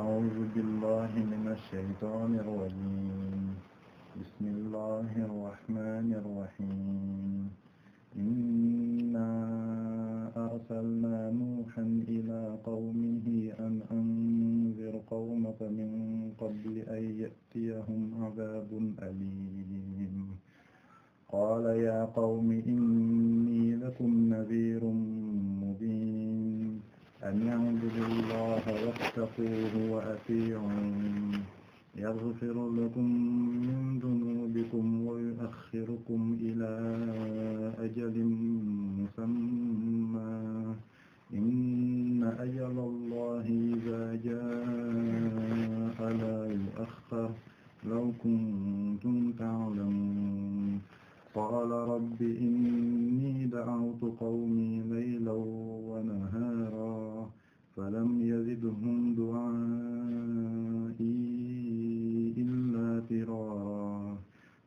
أعوذ بالله من الشيطان الرجيم بسم الله الرحمن الرحيم إنا أرسلنا نوحا إلى قومه أن أنذر قومك من قبل أن يأتيهم عذاب أليم قال يا قوم إني لكم نذير مبين أن اعبدوا الله واتقوه وأطيعون يغفر لكم من ذنوبكم ويؤخركم إلى أجل مسمى إن أجل الله إذا جاء لا يؤخر لو كنتم تعلمون قال رب إني دعوت قومي ليلا ونهارا فلم يزدهم دعائي إلا فرارا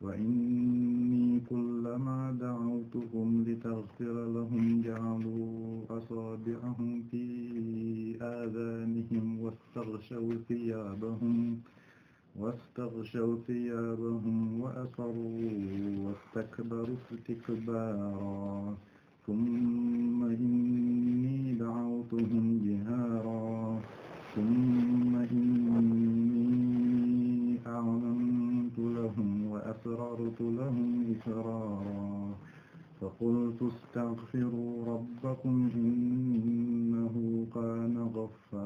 وإني كلما دعوتهم لتغفر لهم جعلوا أصابعهم في آذانهم واستغشوا ثيابهم واستغشوا ثيابهم وأصروا واستكبروا استكبارا ثم إني دعوتهم جهارا ثم إني أعلنت لهم وأسررت لهم إسرارا فقلت استغفروا ربكم إنه كان غفارا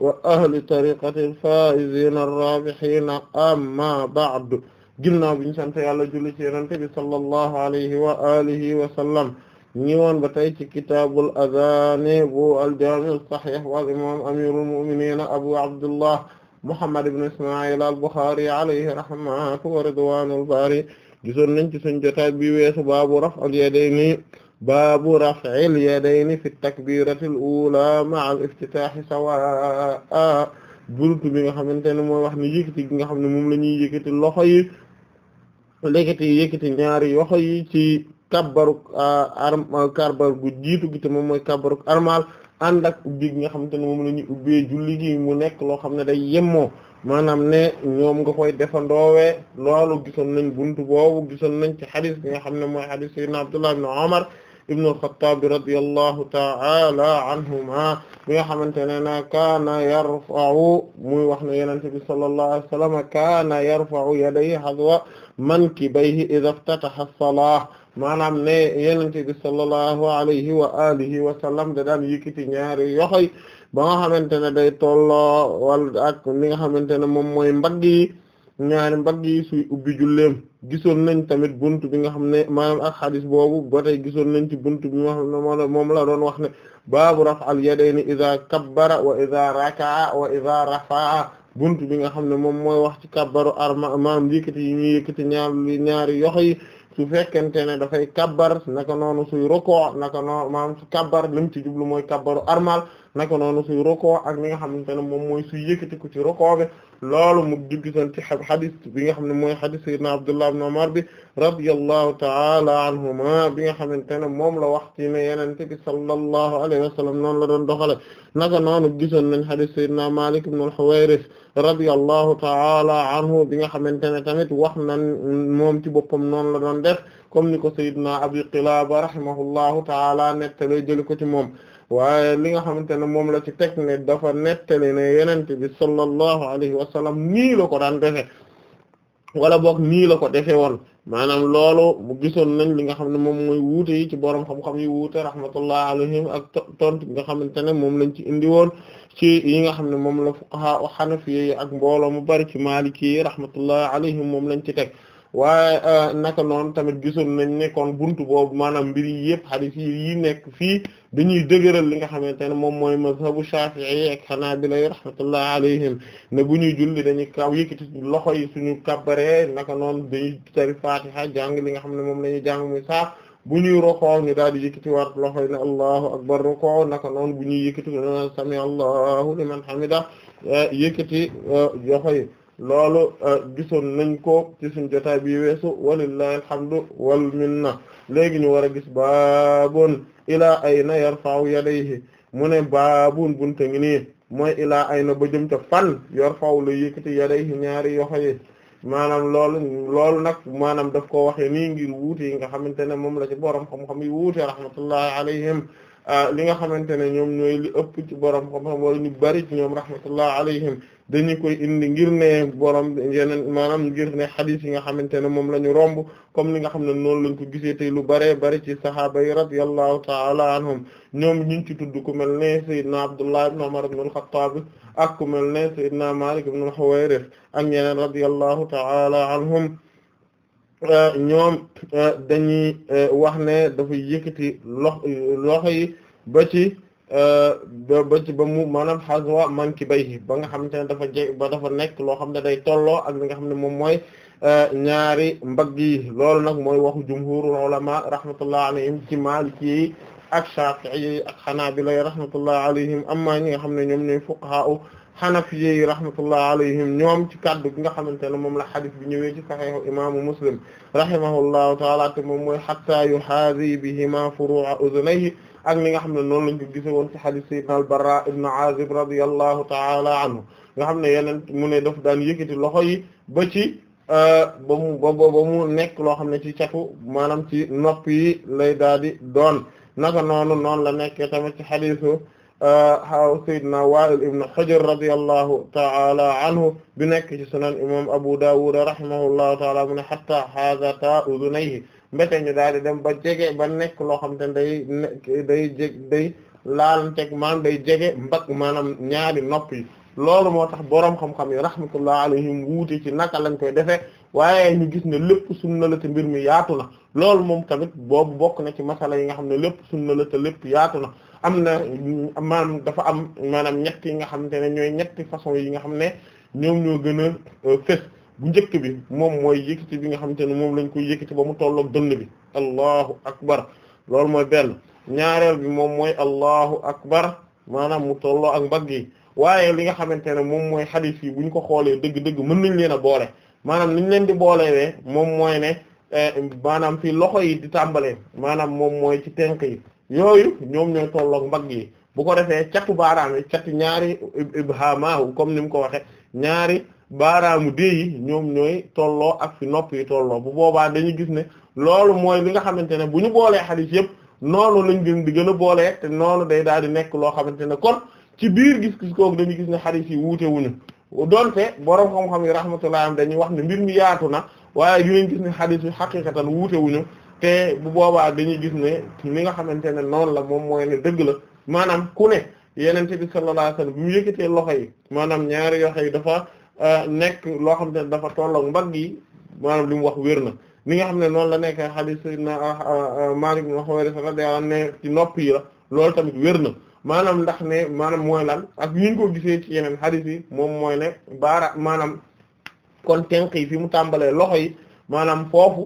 wa ahli tariqati alfaa'iziina arraabihiina amma ba'du ginnaaw bi ñu sant yàlla julli ci yonent bi sallallahu alayhi wa alihi wa sallam ñi woon ba tey ci kitaabul adhaani bu al-jaami' as-sahiih wa al-imaam amiirul mu'miniin abu abdullah muhammad ibn isma'il al-buxaari alayhi rahmatu wa ridwaanul baari gisoon nañ ci suñu jotaay bi weesu baabu raf'il yadayni baabu raf'il yadayni fi takbiratil ula ma'a al-iftitaahi sawaa bunt bi nga xamante ne mooy wax ni yëkkati gi nga xam ne moom la ñuy yëkkati loxo yi lékkati yëkkati ñaari loxo yi ci kabbaruk arm kabbar gu jiitu gi moom mooy kabbaruk armal ànd ak ubbi gi nga xamante ne moom la ñuy ubbi julli gi mu nekk loo xam ne day yemo maanaam ne ñoom nga koy defandoowe loolu gisoon nañ buntu boobu gisoon nañ ci xadis bi nga xam ne mooy xadis sayyidina Abdullah ibn Umar ibn al-Khattab radiyallahu ta'ala anhuma bi nga xamante ne na kaana yarfa'u muy wax ne Yonent bi sallallahu alayhi wa sallam kaana yarfa'u yadayhi hadwa mankibayhi idha iftataha as-salah maanaam ne Yonent bi sallallahu alayhi wa alihi wa sallam da daan yëkkati ñaari yoxoy ba nga xamante ne day tolloo wala ak li nga xamante ne moom mooy mbagg yi ñaari mbagg yi suy ubbi julleem gisoon nañ tamit buntu bi nga xam ne maanaam ak xadis boobu ba tey gisoon nañ ci buntu bi nga xam ne moom la doon wax ne baabu raf'al yadayni iza kabbara wa iza raka'a wa iza rafa'a buntu bi nga xam ne moom mooy wax ci kabbaru arma maanaam yëkkati yi ñuy yëkkati ñaar ñaari yoxo yi su fekkente ne dafay kabbar naka noonu suy roko naka noonu maanaam su kabbar lim ci jublu mooy kabbaru armal naka noonu suy rokoo ak li nga xamante ne moom mooy suy yëkkatiku ci rokoo bi loolu mu gisoon ci xadis bi nga xam ne mooy xadis sayyidina Abdullah ibn Umar bi radiyallahu ta'ala anhuma bi nga xamante ne moom la wax ci ne yenente bi sallallahu alayhi wa sallam noonu la doon doxale naka noonu gisoon nañ xadis sayyidina Malik ibn al-Huwayris radiyallahu ta'ala anhu bi nga xamante ne tamit wax nan moom ci boppam noonu la doon def comme ni ko sayyidina Abi Qilaba rahimahullahu ta'ala nettale jëli ko ci moom waaye li nga xamante ne moom la ci teg ne dafa nettali ne yenente bi sallallahu alayhi wa sallam nii la ko daan defe wala boog nii la ko defe woon maanaam loolu bu gisoon nañ li nga xam ne moom mooy wuute yi ci borom xam-xam yi wuute rahmatullah alayhim ak tontu nga xam ne moom lañ ci indi woon ci yi nga xam ne moom la fuqaha wa hanafi yi ak mbooloo mu bari ci maliki yi rahmatullah alayhim moom lañ ci teg waaye euh, naka noon tamit gisoon nañ nekkoon kon buntu boobu maanaam mbir yi yëpp hadith yi nekk fii dañuy dëgëral li nga xamante ne moom mooy mazhabu Shafi'i ak Hanabila rahmatullah alayhim ne bu ñuy julli dañuy kaw yëkkati loxo yi suñu kabbare naka noon dañuy tari Fatiha jàng li nga xam ne moom la ñuy jàng muy saaf bu ñuy rokoo ñu daal di yëkkati waat loxo yi ne allahu akbar roko naka noon bu ñuy yëkkati sami allahu liman hamida yëkkati loxo euh, yi loolu euh, gisoon nañ ko ci suñ jotaay bi weesu walillahi alhamdu wal minna léegi ñu war a gis baabun ilaa ayna yarfa'u yadayhi mu ne baabun bunte ngi nii mooy ilaa ayna ba jëm ca fan yarfa'u la yëkkati yadayhi ñaari yoxo yi maanaam loolu loolu nag maanaam daf ko waxee nii ngir wuute yi nga xamante ne moom la ci borom xam-xam yi wuute rahmatullahi alayhim euh, li nga xamante ne ñoom ñooy li ëpp ci borom xam-xam wala ñu bari ci ñoom rahmatullahi alayhim dañu koy indi ngir ne borom yeneen maanaam ngir ne xadis yi nga xamante ne moom la ñu romb comme ni nga xam ne noonu lañ ko gisee tey lu bare bari ci sahaaba yi radiyallahu taala anhum ñoom ñu ci tudd ku mel ne Seydina Abdullah ibn Umar ibn al ak ku mel ne Seydina Malik ibn al-Huwayrith ak ñeneen radiyallahu taala anhum ñoom dañuy wax ne dafay yëkkati lox loxo yi ba ba ci ba mu maanaam hazwa mankibayhi ba nga xamante ne dafa je ba dafa nekk loo xam ne day tolloo ak li nga xam ne moom mooy euh, ñaari mbagg yi loolu nag mooy waxu jumhurul ulama rahmatullah alayhim ci maliki yi ak shafi'i yi ak hanabila rahmatullah alayhim amma ñi nga xam ne ñoom ñooy fuqaha xanafiyeyi rahmatullah alayhim ñoom ci kaddu gi nga xamante ne moom la xadis bi ñëwee ci saxiixu imaamu muslim rahimahullahu taala te moom mooy xatta yuhaadi bihima furu'a uzunayhi ak li nga xam ne noonu lañ ko gise woon ci hadith sayyidina al-Barra ibn Azib radiyallahu ta'ala anhu nga xam ne yeneen mu ne daf daan yëkkati loxo yi ba ci euh, ba mu ba nekk loo xam ne ci catu maanaam ci nopp yi lay daal di doon naka noonu noonu la nekkee tamit ci hadithu xaw euh, sayyidina Wa'il ibn Hujr radiyallahu ta'ala anhu bi nekk ci sunan imam Abu Dawud rahimahullahu ta'ala mu ne hatta hadha ta udunayhi mbete daal di dem ba jege ba nekk loo xam te ne day day jeg day laalanteeg maanaam day jege mbag maanam ñaari nopp yi loolu moo tax boroom xam-xam yi rahmatullah alayhim wuute ci naka lañ koy defee waaye ñu gis ne lépp sunna la te mbir mi yaatu na loolu moom tamit boobu bokk na ci masala yi nga xam ne lépp sunna la te lépp yaatu na am na maanaam dafa am maanaam ñett yi nga xamante ne ñooy ñetti façon yi nga xam ne ñoom ñoo gën a euh, bu njëkk bi moom mooy yëkkati bi nga xamante ne moom lañ koy yëkkati ba mu tolloog dënn bi allahu akbar loolu mooy benn ñaareel bi moom mooy allahu akbar maanaam mu tolloo ak mbagg yi waaye li nga xamante ne moom mooy xadiis yi bu ñu ko xoolee dëgg-dëgg mën nañ leen a boole maanaam niñ leen di boolewee moom mooy ne eh, maanaam fii loxo yi di tàmbalee maanaam moom mooy ci tenk yi yooyu ñoom ñooy tolloog mbagg yi bu ko defee catu baaraam yi catu ñaari ibhama comme ni mu ko waxe ñaari baaraamu dee yi ñoom ñooy tolloo ak fi nopp yi tolloo bu boobaa dañu gis ne loolu mooy li nga xamante ne bu ñu boolee xadiis yëpp noonu lañ gën di gën a boolee te noonu day daal di nekk loo xamante ne kon ci biir gis-gis kooku dañu gis ne xadiis yi wuute ñu donte borom xam-xam yi rahmatullah am dañuy wax ne mbir mi yaatu na waaye dinañ gis ne xadiis yi xaqiqatan wuute wuñu te bu boobaa dañuy gis ne li nga xamante ne noonu la moom mooy ne dëgg la maanaam ku ne yenente bi sallallahu alayhi wasallam bu mu yëkkatee loxo yi maanaam ñaari loxo yi dafa Euh, nekk loo xam ne dafa tollook mbagg yi maanaam li mu wax wér na ni nga xam ne noonu la nekk hadith sayyidina euh, euh, Malik ibn Huwayrith radiyallahu anhu ci nopp yi la loolu tamit wér na maanaam ndax maanaam mooy lan ak ñu ko gisee ci yeneen hadith yi moom mooy ne baara maanaam kon tenk yi fi mu tàmbalee loxo yi maanaam foofu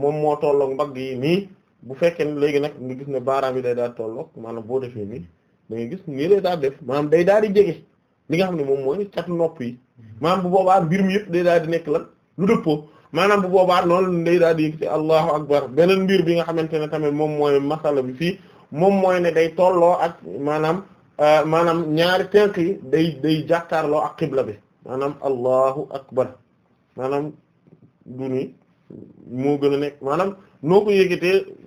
moom moo tollook mbagg yi nii bu fekkee ne léegi nag nga gis ne baaraam bi day daal tolloog maanaam boo defee nii da gis nii lay daal def maanaam day daal di jege li nga xam ne moom mooy catu nopp yi maanaam bu boobaa mbir mi yëpp day daal di nekk lan lu dëppoo maanaam bu boobaa loolu day daal di yëkkati allahu akbar beneen mbir bi nga xamante ne tamit moom mooy masala bi fii moom mooy ne day tolloo ak maanaam euh, maanaam ñaari tenk yi day day jàkkaarloo ak xibla bi maanaam allahu akbar maanaam du ni moo gën a nekk maanaam noo ko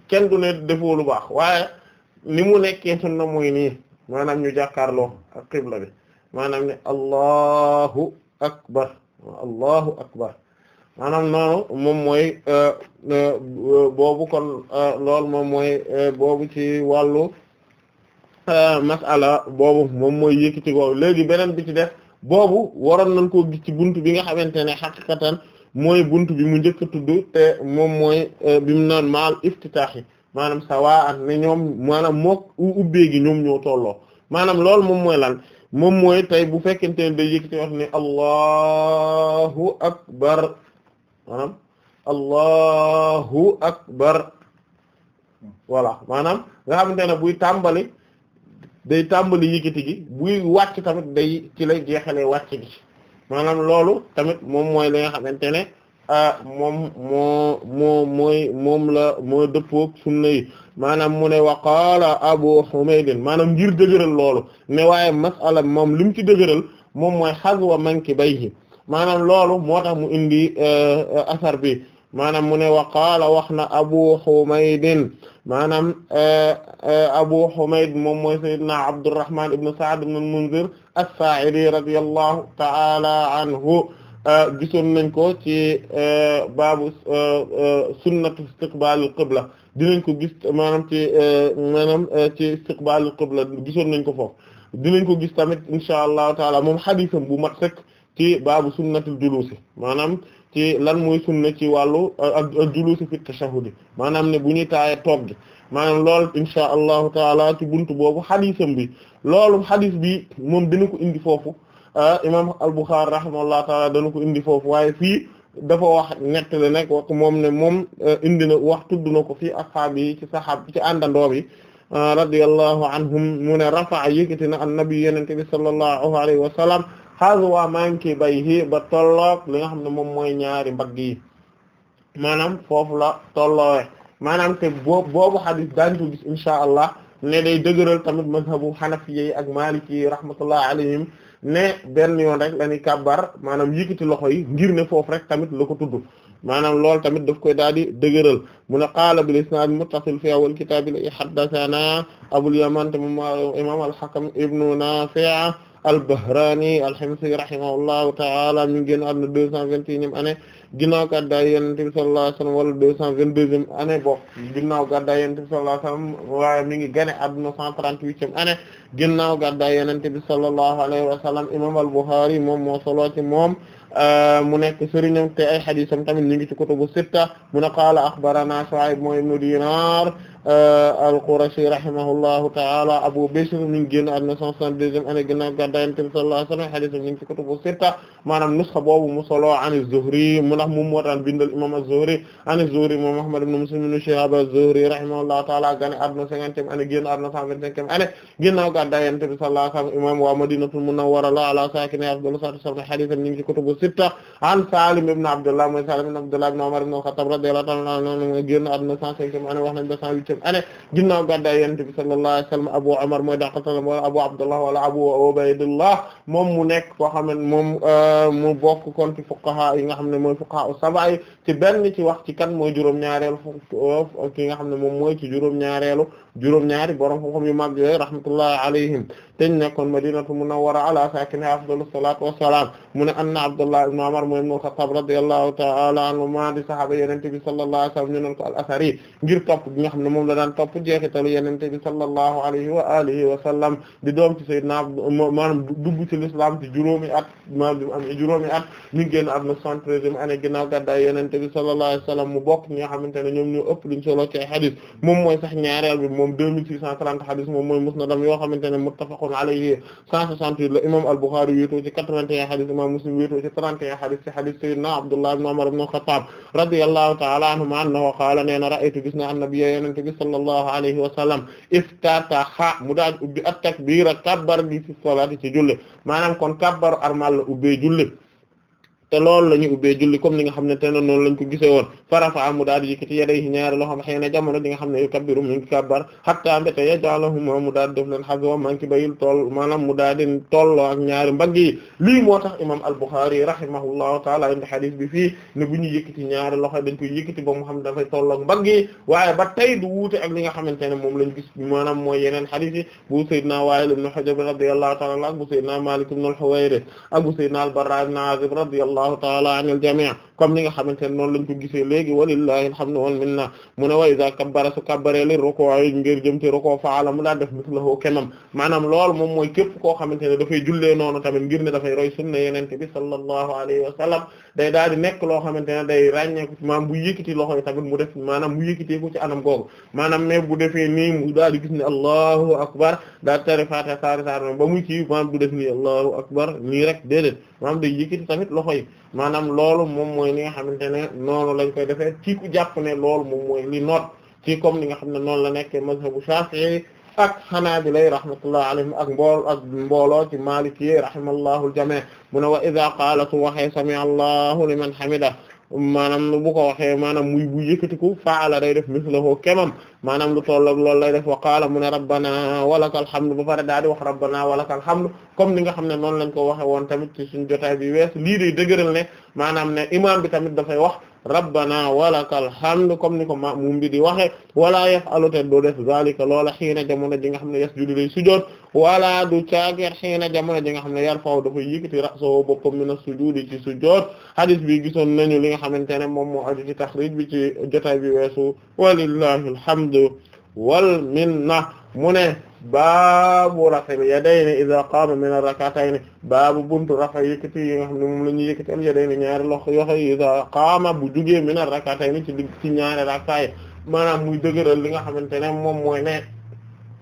kenn du ne defoo lu baax waaye ni mu nekkee sunna mooy nii maanaam ñu jàkkaarloo ak xibla bi maanaam ne allahu akbar allahu akbar maanaam noonu moom mooy euh, euh, boobu kon euh, lool moom mooy boobu ci wàllu masala boobu moom mooy yëkkati googu léegi beneen bi ci def boobu waroon nañ koo gis ci bunt bi nga xamante ne xaqiqatan mooy bunt bi mu njëkk a tudd te moom mooy bi mu naan maal iftitaax yi maanaam sawaa ak ne ñoom maanaam mook ubbee ñoom ñoo tolloo maanaam loolu moom mooy lan moom mooy tey bu fekkente ne day yëkkati wax ne allahu akbar maanaam allahu akbar voilà maanaam nga xamante ne buy tàmbali day tàmbali yëkkati gi buy wàcc tamit day ci lay jeexalee wàcc gi maanam loolu tamit moom mooy li nga xamante ne Ah, moom moo moo mooy moom la moo dëppook sunna yi maanaam mu ne wa qaala Abu Humayd maanaam ngir dëgëral loolu ne waaye masala moom li mu ci dëgëral moom mooy hazwa mankibayhi maanaam loolu moo tax mu indi eh, asar bi maanaam mu ne wa qaala wax na Abu Humayd maanaam eh, eh, Abu Humayd moom mooy sayyidina Abdurrahman ibn Sa'd ibn al-Munzir as-Sa'idi radiyallahu ta'ala anhu Ah, gisoon nañ ko ci eh, baabu eh, eh, sunnatu istiqbalul qibla dinañ ko gis maanaam ci maanaam ci istiqbalul qibla gisoon nañ ko foofu dinañ ko gis tamit insha allah taala moom xadiisam bu mat rek ci baabu sunnatul julusi maanaam ci lan mooy sunna ci wàllu ak julusi fi tashahhudi maanaam ne bu ñuy taaye toog gi maanaam loolu insha allahu taala ci buntu boobu xadiisam bi loolu xadiis bi moom dina ko indi foofu Ah, imam al-Bukhari rahimahullah taala dana ko indi foofu waaye fii dafa wax nettali nag wax moom ne moom eh, indi na wax tudd ko fii ashaab yi ci sahaab ci àndandoo bi ah, radiyallahu anhum mu ne rafa'a yëkkati na annabi yenente bi sallallahu alayhi wa sallam hazwa manki bayhi ba tolloog li nga xam ne moom mooy ñaari mbagg yi maanaam foofu la tolloowe maanaam te boobu boobu xadis daañu ko gis insha allah ne day dëgëral tamit mazhabu xanafi yi ak maliki yi rahmatullah alayhim ne benn yoon rek la ñuy kàbbar maanaam yëkkati loxo yi ngir ne foofu rek tamit la ko tudd maanaam tamit daf koy daal di dëgëral mu ne qaala bil isnaad muttasil fi awwal kitaab li haddathana abul yaman imam al-hakam ibnu nafi' al-bahrani al-himsi rahimahullahu ta'ala mi ngi génn àdduna 221 année ginnaaw gàddaay Yonent bi sallallahu alayhi wasallam wala cent vingt-deuxième année bo ginnaaw gàddaay Yonent bi sallallahu alayhi waaye mi ngi gane adduna cent trente-huitième année ginnaaw gàddaay Yonent bi sallallahu alayhi wasallam imam al-Bukhari moom moo solo moom euh, mu nekk sëriñam te ay hadisam tamit ñu ngi ci kutubu sitta mu ne qaala akhbarana Shu'ayb mooy ibnu Dinar Euh, al-Qurashi rahimahullahu ta'ala Abu Bishr mi ngi génn àdduna 162e année ginnaaw gàddaay Yonent bi sallallahu alayhi wa sallam hadiis mi ngi ci kutubu sitta maanaam nusxa boobu mu solo an az-Zuhri mu ndax moom moo daan bindal imaam az-Zuhri an az-Zuhri moom Muhammad ibn Muslim ibn Shihab az-Zuhri rahimahullahu ta'ala génn àdduna 50e année génn àdduna 125e année ginnaaw gàddaay Yonent bi sallallahu alayhi wa sallam imaam waa Madinatul Munawwara ala saakinihaa afdalu salaatu wa salaam hadiis mi ngi ci kutubu sitta an Salim ibn Abdullah mooy Salim ibn Abdullah ibn Umar ibn al-Khattab radiyallahu ta'ala anhu génn àdduna 105e année wax nañ septième année ginnaaw gàddaay Yonent bi sallallahu alayhi wa sallam Abu Umar mooy daqatanam wala Abu Abdullah wala Abu Ubaydullah moom mu nekk koo xam ne moom euh, mu bokk kon ci fuqaha yi nga xam ne mooy fuqaha as-sab'a yi ci benn ci wax ci kan mooy juróom-ñaareelu ki nga xam ne moom mooy ci juróom-ñaareelu juróom-ñaari borom xam-xam yu mag yooyu rahmatullahi alayhim teñ nekkoon Madinatu Munawwara ala saakinihaa afdalu salaatu wassalaam mu ne anna Abdullah ibn Umar mooy ibn Xattaab radiyallahu ta'ala anhumaa di sahaaba Yonent bi sallallahu alayhi wa sallam ñu naan ko al-Asari ngir topp gi nga xam ne moom la daan topp jeexitalu yenente bi sallallahu alayhi wa alihi wa sallam di doom ci sayyidna maanaam dugg ci l'islam ci juróomi at maanaam bi mu am juróomi at ñu ngi génn at na cent treizième année ginnaaw gàddaay yenente bi sallallahu alayhi wa sallam mu bokk ñi nga xamante ne ñoom ñoo ëpp liñ solo ci ay xadis moom mooy sax ñaareel bi moom deux mille six cent trente xadis moom mooy musnadam yoo xamante ne muttafaqun alayhi cent soixante-huit la imam al-Bukhari wéetoo ci quatre-vingt-un xadis imam Muslim wéetoo ci trente et un xadis ci xadis sayyidna Abdullah ibn Umar ibn Khattab radiyallahu ta'ala anhuma annahu qaala nee na ra'aytu gis na an-nabiyya bi sallallahu alayhi wa sallam iftataha mu daal ubbi at takbira kabbara bi fi salaati ci julli maanaam kon kabbaru armal la ubbee julli te loolu la ñu ubbee julli comme ni nga xam ne te noonu lañ ko gisee woon farafa mu daal di yëkkati yadayhi ñaari loxoom xëy jamono di nga xam ne yukabbiru mu ngi kabbar hatta mbéte yaj'aluhuma mu daal def leen xago maa ngi ci bayil tool maanaam mu daal di tolloo ak taala indi bi fii ne bu ñu ñaari loxo dañ koy yëkkati ba mu xam dafay tolloo ak mbagg yi waaye ba tey du wuute ak li nga xamante ne moom lañ gis maanaam mooy yeneen hadith yi bu Seydina Wa'il ibn Hujr radiyallahu taala bu Seydina Malik ibn al-Huwayrith ak bu Seydina al-Barra ibn radiyallahu ta'ala anil jami' comme ni nga xamante ne noonu lañ ko gisee léegi walillahi alhamdu wal minna a ne wa iza kabbara su kabbare li rukoo yi ngir jëm ci rukoo faala mu daa def mislahu kemam maanaam loolu moom mooy képp koo xamante ne dafay jullee noonu tamit ngir ne dafay roy sunna yenente bi sallallahu alayhi wa sallam day daal di nekk loo xamante ne day ràññeeku ci maanaam bu yëkkati loxo yi tamit mu def maanaam mu yëkkatee ko ci anam googu maanaam mais bu defee nii mu daal di gis ne allahu akbar daa tari fata saari saar ba muy ci maanaam du def nii allahu akbar nii rek déedéet maanaam day yëkkati tamit loxo yi maanaam loolu moom mooy li nga xamante ne noonu lañ koy defee ci ku jàpp ne loolu moom mooy li noot ci comme li nga xam ne noonu la nekkee mazhabu Shafi'i ak Hanabila rahmatullah alayhim ak mbool ak mbooloo ci Maliki rahimallahu al-jami' mu ne wa idha qaala su waxee sami'a Allahu liman hamidah maanaam bu ko waxee maanaam muy bu yëkkatiku faala day def mislahu kemam maanaam lu toll ak loolu lay def wa mu ne rabbana walakal hamdu ba pare daal di wax rabbana walakal hamdu comme ni nga xam ne noonu lañ ko waxe woon tamit suñu jotaay bi wees lii day dëgëral ne maanaam ne imaam bi tamit dafay wax rabbana walakal hamdu comme ni ko ma'mum bi di waxe wala yaf'alu te du def zalika loola xiina jamono ji nga xam ne yasjudu lay sujjóot wala du caageer xiina jamono ji nga xam ne yarfa'u dafa yëkkati ra'sahu boppam mina sujudi ci sujjóot hadis bi gisoon nañu li nga xamante ne moom moo aju ci taxrij bi ci jotaay bi weesu walillahi alhamdu wal minna mu ne baabu raf'il yadayni idha qaama min ar-rak'atayni baabu buntu rafa yëkkati yi nga xam ne moom la ñuy yëkkati al yadayni ñaari loxo yoxe idha qaama bu jugee min ar-rak'atayni ci digg ci ñaari rakkaay maanaam muy dëgëral li nga xamante ne moom mooy ne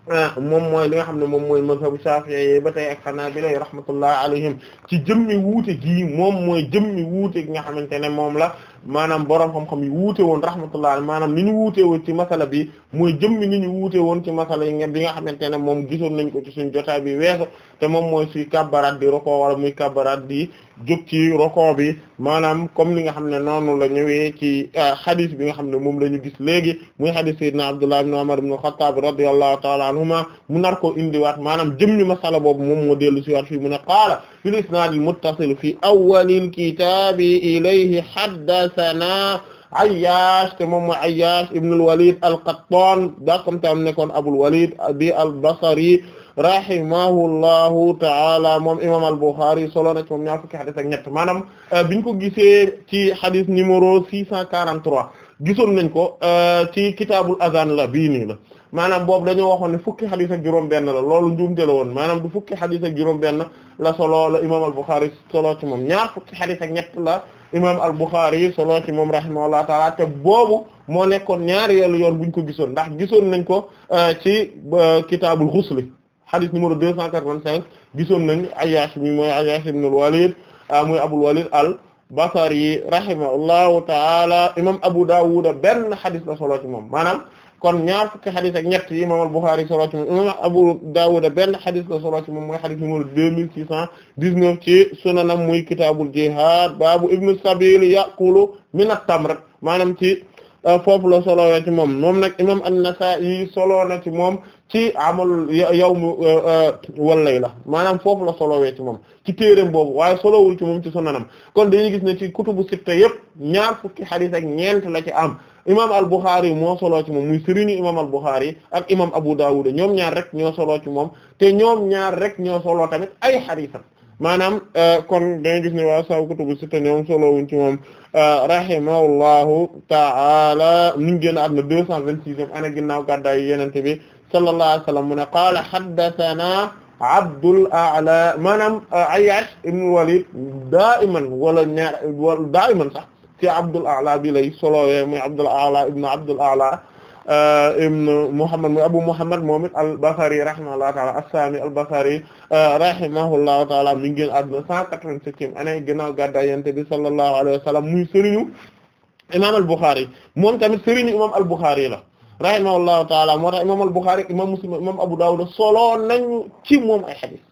ah, moom mooy li nga xam ne moom mooy mazhabu Shafi'i ba tey ak Hanabila rahmatullah alayhim ci jëmmi wuute gii moom mooy jëmmi wuute gi nga xamante ne moom la maanaam borom xam-xam yi wuute woon rahmatullah maanaam ni ñu wuute woon ci masala bi mooy jëmmi ni ñu wuute woon ci masala yi ngeen bi nga xamante ne moom gisoon nañ ko ci suñ jotaay bi weesu te moom mooy suy kabbaraat di roko wala muy kabbaraat di jóg ci roko bi maanaam comme li nga xam ne noonu la ñëwee ci hadith euh, bi nga xam ne moom la ñu gis léegi muy hadith sayyidina Abdullah ibn Umar ibn Khattab radiyallahu ta'ala anhuma mu nar ko indiwaat maanaam jëm ñu masala boobu moom moo dellu si waat fii mu ne qaala fil isnaad al muttasil fi awwalil kitaabi ilayhi haddathana Ayyaash te moom mooy Ayyaash ibn al-Walid al-Qattan daa ko tam nekkoon Abul Walid di al-Basri rahimahullahu ta'ala moom imaam al-Bukhari solo na ci moom ñaar fukki xadis ak ñett maanaam euh, biñ ko gisee ci xadis numéro 643 gisoon nañ ko euh, ci kitaabul azan la bii nii la maanaam boobu dañoo waxoon ne fukki xadis ak juróom-benn la loolu njuumte la woon maanaam du fukki xadis ak juróom-benn la solo la imaam al-Bukhari solo ci moom ñaar fukki xadis ak ñett la. imam al-Bukhari solo ci moom rahimahullah taala te boobu moo nekkoon ñaareelu yoon buñ ko gisoon ndax gisoon nañ ko euh, ci euh, kitaabul ghusl hadith numéro 285 gisoon nañ Ayyash bi mooy Ayyash ibn al-Walid euh, muy Abul Walid al-Basri rahimahullahu taala imam Abu Dawud benn hadith la solo ci moom maanaam kon ñaar fukki xadis ak ñett yi imam al-Bukhari solo ci moom imam Abu Dawud benn xadis la solo ci moom mooy xadis numéro deux mille six cent dix-neuf ci sunanam muy kitaabul jihaad baabu ibnu sabil yaqulu min at-tamr maanaam ci euh, foofu la solo ci moom moom nag imam an-Nasa'i solo na ci moom ci amal yawm euh, euh, wal layla maanaam foofu la solowee ci moom ci téereem boobu waaye solowul ci moom ci sunanam kon dañuy gis ne ci kutubu sitta yépp ñaar fukki xadis ak ñeent la ci am imam al-Bukhari moo solo ci moom muy sëriñu imam al-Bukhari ak imam Abu Dawud ñoom ñaar rek ñoo solo ci moom te ñoom ñaar rek ñoo solo tamit ay xadiisam maanaam euh, kon dañu gis ne waa saw kutubu sitta ñoom solo wuñ ci moom euh, rahimahullahu ta'ala ñu ngi génn àdduna deux cent vingt-sixième année ginnaaw gàddaay Yonent bi sallallahu alayhi wa sallam mu ne qaala haddathana Abdul A'la maanaam euh, Ayyash ibn Walid daiman wala ñaar wala daiman sax ci Abdul A'la bi lay solowee muy Abdul A'la ibn Abdul A'la euh, ibn Abu Muhammad moom it al-Basri rahimahullahu ta'ala as-Sami al-Basri euh, rahimahullahu ta'ala mi ngi ginnaaw gàddaay Yonent bi sallallahu alayhi wa sallam muy sëriñu imaam al-Bukhari moom tamit sëriñu imaam al-Bukhari la rahimahullahu ta'ala moo tax imaam al-Bukhari imaam Muslim imaam Abu Dawud solo nañu ci moom ay hadith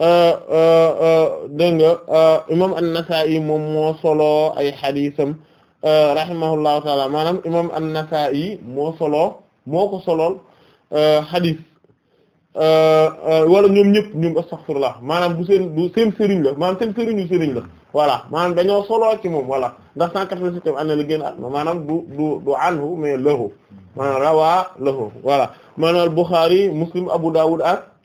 Euh, euh, euh, dégg nga imam an-Nasa'i moom moo solo ay xadiisam rahimahullahu taala maanaam imam an-Nasa'i moo solo moo ko solool xadiis wala ñoom ñëpp ñoom astaghfirullah maanaam bu seen bu seen sëriñ la maanaam seen sëriñu sëriñ la voilà maanaam dañoo solo ci moom voilà ndax 187 am na la génn at maanaam du du du anhu mais lahu maanaam rawaa lahu voilà maanaam Bukhari Muslim Abu Dawud ak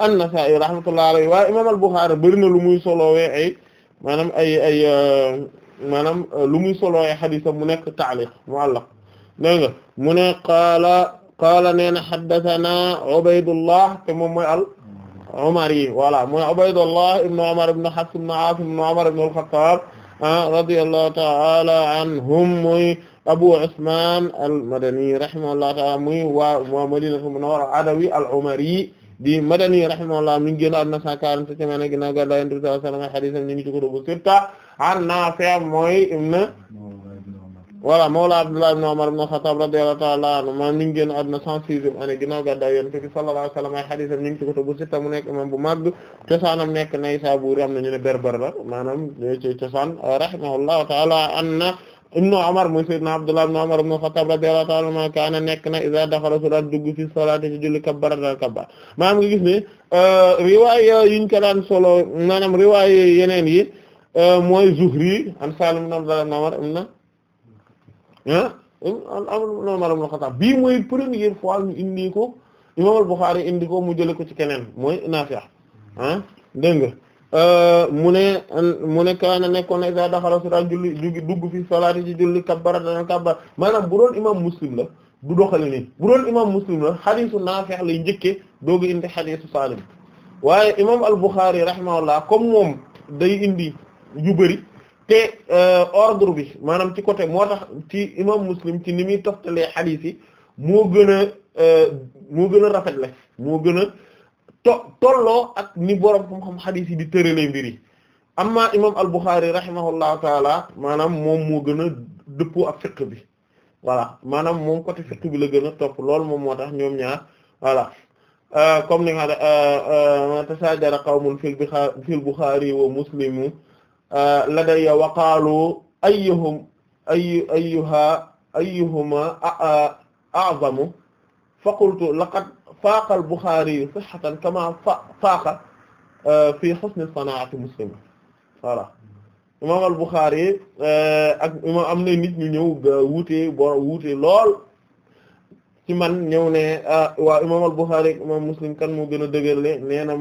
an-Nasaa'i rahmatullahi alayhi waaye imaam al-Bukhari bëri na lu muy solowee ay maanaam ay ay euh, maanaam euh, lu muy solowee xadisam mu nekk ta'liq mu'allaq dégg nga mu ne qaala qaala nee na haddathana Ubaydullah te moom mooy al-Umari voilà mooy Ubaydullah ibn Umar ibn Hafs ibn Aasim ibn Umar ibn al-Khattab ah, radiyallahu ta'ala anhum muy Abu Usman al-Madani rahimahullahu ta'ala muy waa Madinatu Munawwara al-Adawi al-Umari di madani rahimahullah mi ngi génn àdduna cent quarante-septième année ginnaaw gàddaay Yonent bi sallallahu alayhi wasallam haditham ñu ngi ci kutubu sitta an Naafi' mooy ibn voilà mawla ma mi ngi génn àdduna cent sixième année ginnaaw gàddaay Yonent bi sallallahu alayhi nekk imam bu mag cosaanam nekk Naysabur am nañu ne berber la maanaam ci cosaan rahimahullahu ta'ala anna ibnu Umar muy sayyidna Abdullah ibnu Umar ibnu Xattaab radiyallahu kaana nekk na iza daxala salaat dugg fi salaat ci julli a dal kabbar maanaam nga gis ne euh, riwaaya yiñ ko daan solo maanaam riwaaya yeneen yi euh, mooy Zuhri an Saalim ibn Abdullah ibn Umar ibn bi mooy première fois ñu indi ko Imaam al-Bukhari indi mu jële ko ci keneen mooy Naafi' ah dégg Euh, mu ne mu ne kaana nekkoon na isa daxala sura julli jugi dugg fi salaati ci julli kabbara dana kabbar maanaam bu doon imam muslim la du doxali ni bu doon imam muslim la xadiisu Naafi' lay njëkke doogi indi xadiisu Saalim waaye imam al-Bukhari rahimahullah comme moom day indi yu bëri te euh, ordre bi maanaam ci côté moo tax ci imam muslim ci ni muy toftalee xadiis yi moo gën a euh, moo gën a rafet la moo gën to tolloo ak ni borom xam-xam xadiis yi di tëralee mbir yi amma imam al-Bukhari rahimahullahu taala maanaam moom moo gën a dëppoo ak fiqh bi voilà maanaam moom côté fiqh bi la gën a topp loolu moom moo tax ñoom ñaar voilà euh, comme ni nga xam ne euh, euh, tasajara qawmun fil fil Bukhari wa Muslim ladayya wa qaalu ayyuhum ay ayyuha ayyuhuma a'zamu fa qultu laqad faaqa al-Bukhari sihhatan kama faaqa fi husni sanaati Muslim voilà imaam al-Bukhari ak am na nit ñu ñëw wuute bo lool ci man ñëw ne ah, waa imaam al imaam Muslim kan moo gën a dëgërle nee na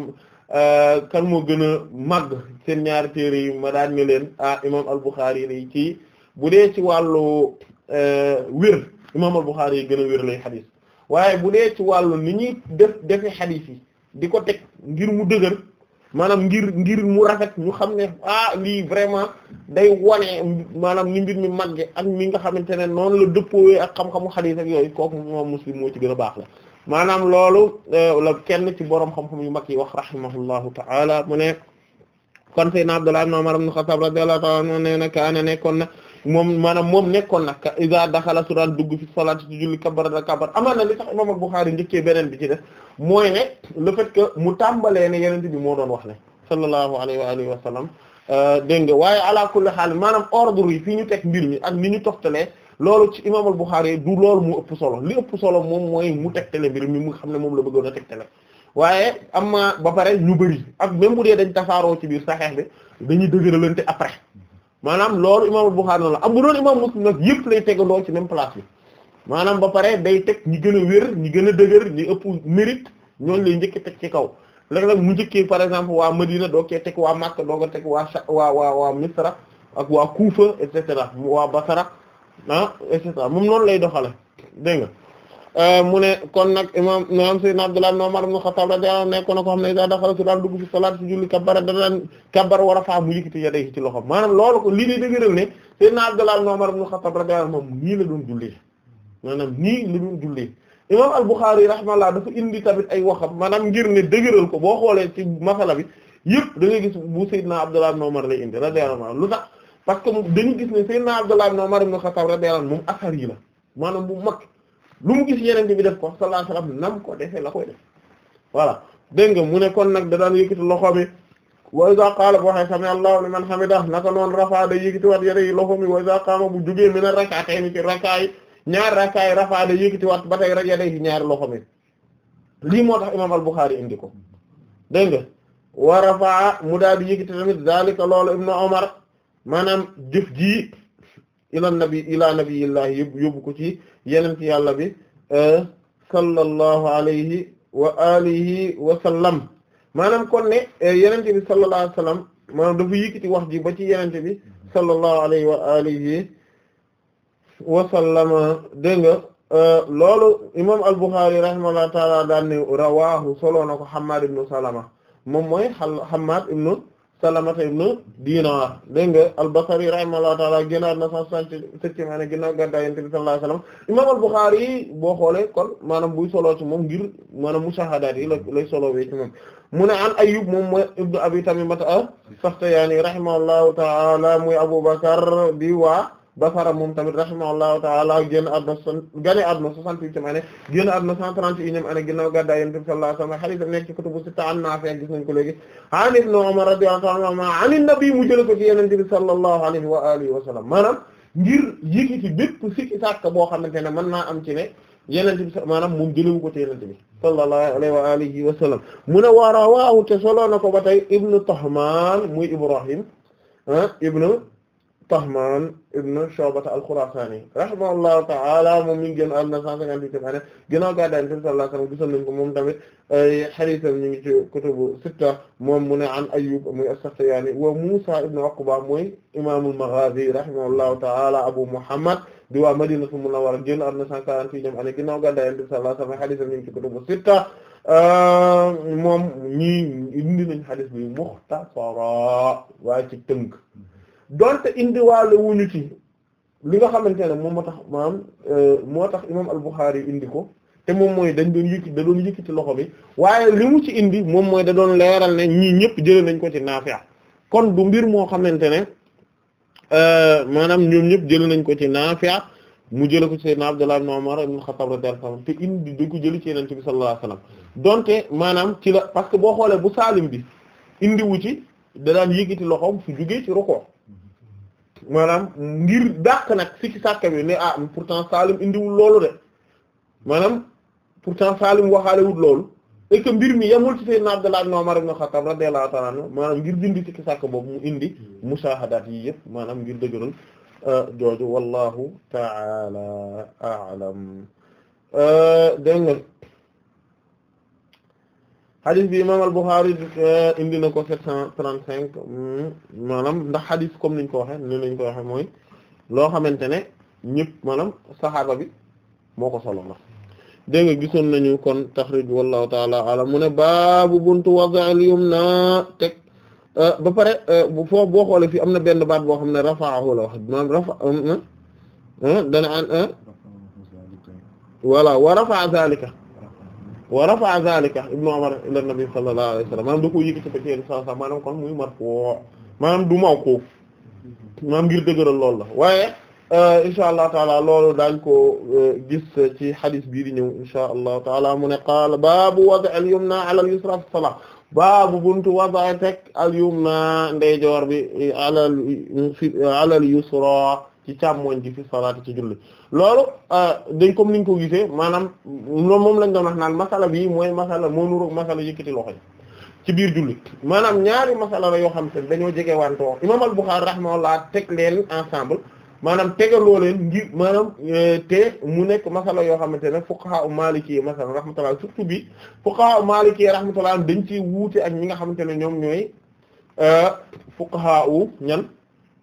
ah, kan moo gën a màgg seen ñaari téere yi ma leen ah imaam al-Bukhari lay ci bu dee ci wàllu euh, wér imaam al-Bukhari yi gën a wér lay xadiis waaye bu dee ci wàllu ni ñuy def defi xadiis yi di ko teg ngir mu dëgër maanaam ngir ngir mu rafet ñu xam ne ah lii vraiment day wane maanaam ni mbir mi màgge ak mi nga xamante ne noonu la dëppoowee ak xam-xamu xadiis ak yooyu kooku moom muslim moo ci gën a baax la maanaam loolu euh, la kenn ci boroom xam-xam yu mag yi wax rahimahullahu ta'ala mu ne kon sayyidina Abdullah ibn Umar ibn Khattab radiyallahu ta'ala anhu nee na kaana nekkoon na moom maanaam moom nekkoon nag iza daxala su daan dugg fi salaat ci julli kabbara da kabbar amaan na li tax imam Bukhari njëkkee beneen bi ci def mooy ne le fait mu tàmbalee ne yeneen bi moo doon wax ne sallallahu alayhi wa alihi wa sallam euh, dégg nga waaye ala kulli xaal maanaam ordre yi fii ñu teg mbir mi ak ni ñu toftalee loolu ci imam Bukhari du loolu mu ëpp solo li ëpp solo moom mooy mu tegtale mbir mi mu xam ne moom la bëggoon a tegtale waaye am ba pare ñu bëri ak même bu dee dañ tasaaroo ci biir saxeex bi dañuy dëgëralante après maanaam loolu imaamul Buxaari noonu la am bu doon imaam Muslim nag yëpp lay tegandoo ci même place bi maanaam ba pare day teg ñi gën a wér ñi gën a dëgër ñi ëpp mérite ñooñu lay njëkk teg ci kaw léeg-léeg mu njëkkee par exemple waa Madina doo koy teg waa Makka doo ko teg waa waa waa waa Misra ak waa Kuufa et mu waa Basra ah et cetera moom noonu lay doxale dégg nga Euh, mu ne kon nag imam imam sayyidna Abdullah ibn Umar ibn Khattab radiyallahu anhu nekkoon na ko xam ne iza daxala su daan dugg fi salaat si julli kabbara da daan kabbara wa rafa'a mu yëkkati yadayhi ci loxom maanaam loolu ko lii ne sayyidna Abdullah ibn Umar indi tamit ay waxam maanaam ngir ne dëgëral ko boo xoolee ci masala bi yëpp da ngay gis bu sayyidna Abdullah ibn Umar lay indi radiyallahu parce que dañu gis ne sayyidna Abdullah ibn Umar ibn moom asar la maanaam bu mag lu mu gis yeneen bi def ko sallallahu alayhi wasallam nam ko defee la koy def voilà dégg mu ne kon nag da daan yëkkati loxo mi wa iza qaala bu waxee sami allahu liman hamida naka noonu rafa da yëkkati wat yere yi loxo mi wa iza qaama bu jógee mi na rakatay ni ci rakaay ñaar rakaay rafa da yëkkati wat ba tey yere yi ñaari loxo mi lii moo tax imam al-Bukhari indi ko dégg nga wa rafa mu daal di yëkkati tamit zalika loolu ibnu Umar maanaam jëf ji ila nabi ila nabiyillahi yóbbu yóbbu ko ci yenent yàlla bi eh, sallallahu alayhi wa alihi wa sallam maanaam kon ne eh, yenente bi sallallahu alayhi wa sallam maanaam dafa yëkkati wax ji ba ci yenente bi sallallahu alayhi wa alihi wa sallama dégg nga eh, loolu imam al-Bukhari rahimahullahu ta'ala daan ne rawaahu solo na ko Hammad ibn Salama moom mooy Hammad ibn Salamata ibn Dinar dégg nga al-Basri rahimahullahu ta'ala génnaat na cent soixante-septième année ginnaaw gàddaay Yonent bi sallallahu imam al-Bukhari boo xoolee kon maanaam buy soloo ci moom ngir maanaam mushahadaat yi la lay solowee ci moom mu ne an Ayyub moom mooy ibn Abi Tamimata as-Sakhtiyani rahimahullahu ta'ala muy Abu Bakr di waa Basara moom tamit rahimahullahu ta'ala génn àdduna soixante gane àdduna soixante-huitième année génn àdduna cent trente-et-unième année ginnaaw gàddaay Yonent bi sallallahu alayhi wa sallam hadith nekk ci kutubu sitta an Naafi' gis nañ ko léegi an Ibn Umar radiyallahu ta'ala anhuma an an-nabi mu jël ko ci Yonent bi sallallahu alayhi wa alihi wa sallam maanaam ngir yigi ci bépp sikki sàkk boo xamante ne mën naa am ci ne Yonent bi maanaam moom jëlewu ko ci Yonent bi sallallahu alayhi wa alihi wa sallam mu ne wa rawaahu te soloo na ko ba tey Ibn Tahmaan muy Ibrahim ah, ibn Tahmaan ibn Shu'bata al-Khurasani rahimahullahu ta'ala moom mi ngi génn àdduna 158 année ginnaaw gàddaay Yonent bi sallallahu alayhi wa sallam gisoon nañ ko moom tamit ay hadiisam ñu ngi ci kutubu sitta moom mu ne an Ayyub muy as-Sakhtiyani wa Musa ibn Uqba mooy imaamul Maghazi rahimahullahu ta'ala Abu Muhammad di waa Madinatul Munawwara génn àdduna 148 année ginnaaw gàddaay Yonent bi sallallahu alayhi wa sallam hadiisam ñu ngi ci kutubu sitta moom ñii indi nañ hadiis bi mukhtasara waaye ci tënk donte indiwaale wuñu ci li nga xamante ne moom moo tax maanaam euh, moo tax imaam al-Bukhari indi ko te moom mooy dañ doon yëkkati da doon yëkkati loxo bi waaye li mu ci indi moom mooy da doon leeral ne ñii ñëpp jëlee nañ ko ci Naafi' kon du mbir moo xamante ne euh, maanaam ñoom ñëpp jëlee nañ ko ci Naafi' mu jële ko ci Seydina Abdullah ibn Umar ibn Khattab radiyallahu anhu te indi dañ ko jëlee ci Yonent bi sallallahu alayhi wasallam donte maanaam ci la parce que boo xoolee bu saalim bi indiwu ci da daan yëkkati loxo su jugee ci ruku maanaam ngir dàq nag si ci bi ne ah pourtant Saalim indiwul loolu de maanaam pourtant Saalim waxaalewul loolu et que mbir mi yemul ci Sayyidina Abdullah ibn Umar ibn Khattab radiyallahu ta'ala anhu maanaam ngir dindi si ci sàkka boobu mu indi musaahadaat yi yëpp maanaam ngir dëgëral euh, jooju wallahu ta'ala a'lam euh, dégg xadis bi imam al-Bukhari eh, indi na ko 735 mm, maanaam ndax xadis comme niñ ko waxe ni nañ ko waxe mooy loo xamante ne ñëpp maanaam saxaaba bi moo ko solo la dégg nga gisoon nañu kon taxrij wallahu taala alam mu ne baabu buntu wada'il na teg eh, ba pare eh, foofu boo xoole fii am na benn baat boo xam ne rafa'ahu la wax maanaam rafa dana an voilà wa rafa'a zalika wa rafa'a zalika ibnu umar ila nabi sallallahu alayhi wasallam maanaam da koo yëkkati ba ci yéen saa maanaam kon muy marfu maanaam du mawquf maanaam ngir dëgëral loolu la waaye euh, insha allah taala loolu daañ ko euh, gis ci xadis bii di ñëw insha allah taala mu ne qaala baabu wada al yumna ala al yusra fi salat baabu buntu wada teg al yumna ndeyjoor bi ala al yusra ci càmmooñ gi fi salaati ci julli loolu euh, dañ comme niñ ko gisee maanaam loolu moom lañ doon wax naan masala bi mooy masala moo nuroog masala yëkkati loxo yi ci biir julli maanaam ñaari masala la yoo xam te dañoo jege wantoo imam al-Bukhari rahimahullah teg leen ensemble maanaam tegaloo leen ngir maanaam euh, te mu nekk masala yoo xamante ne fuqaha maliki yi masala rahmatullah surtout bi fuqaha maliki yi rahmatullah dañ ci wuute ak ñi nga xam ne ñoom ñooy euh, fuqaha ñan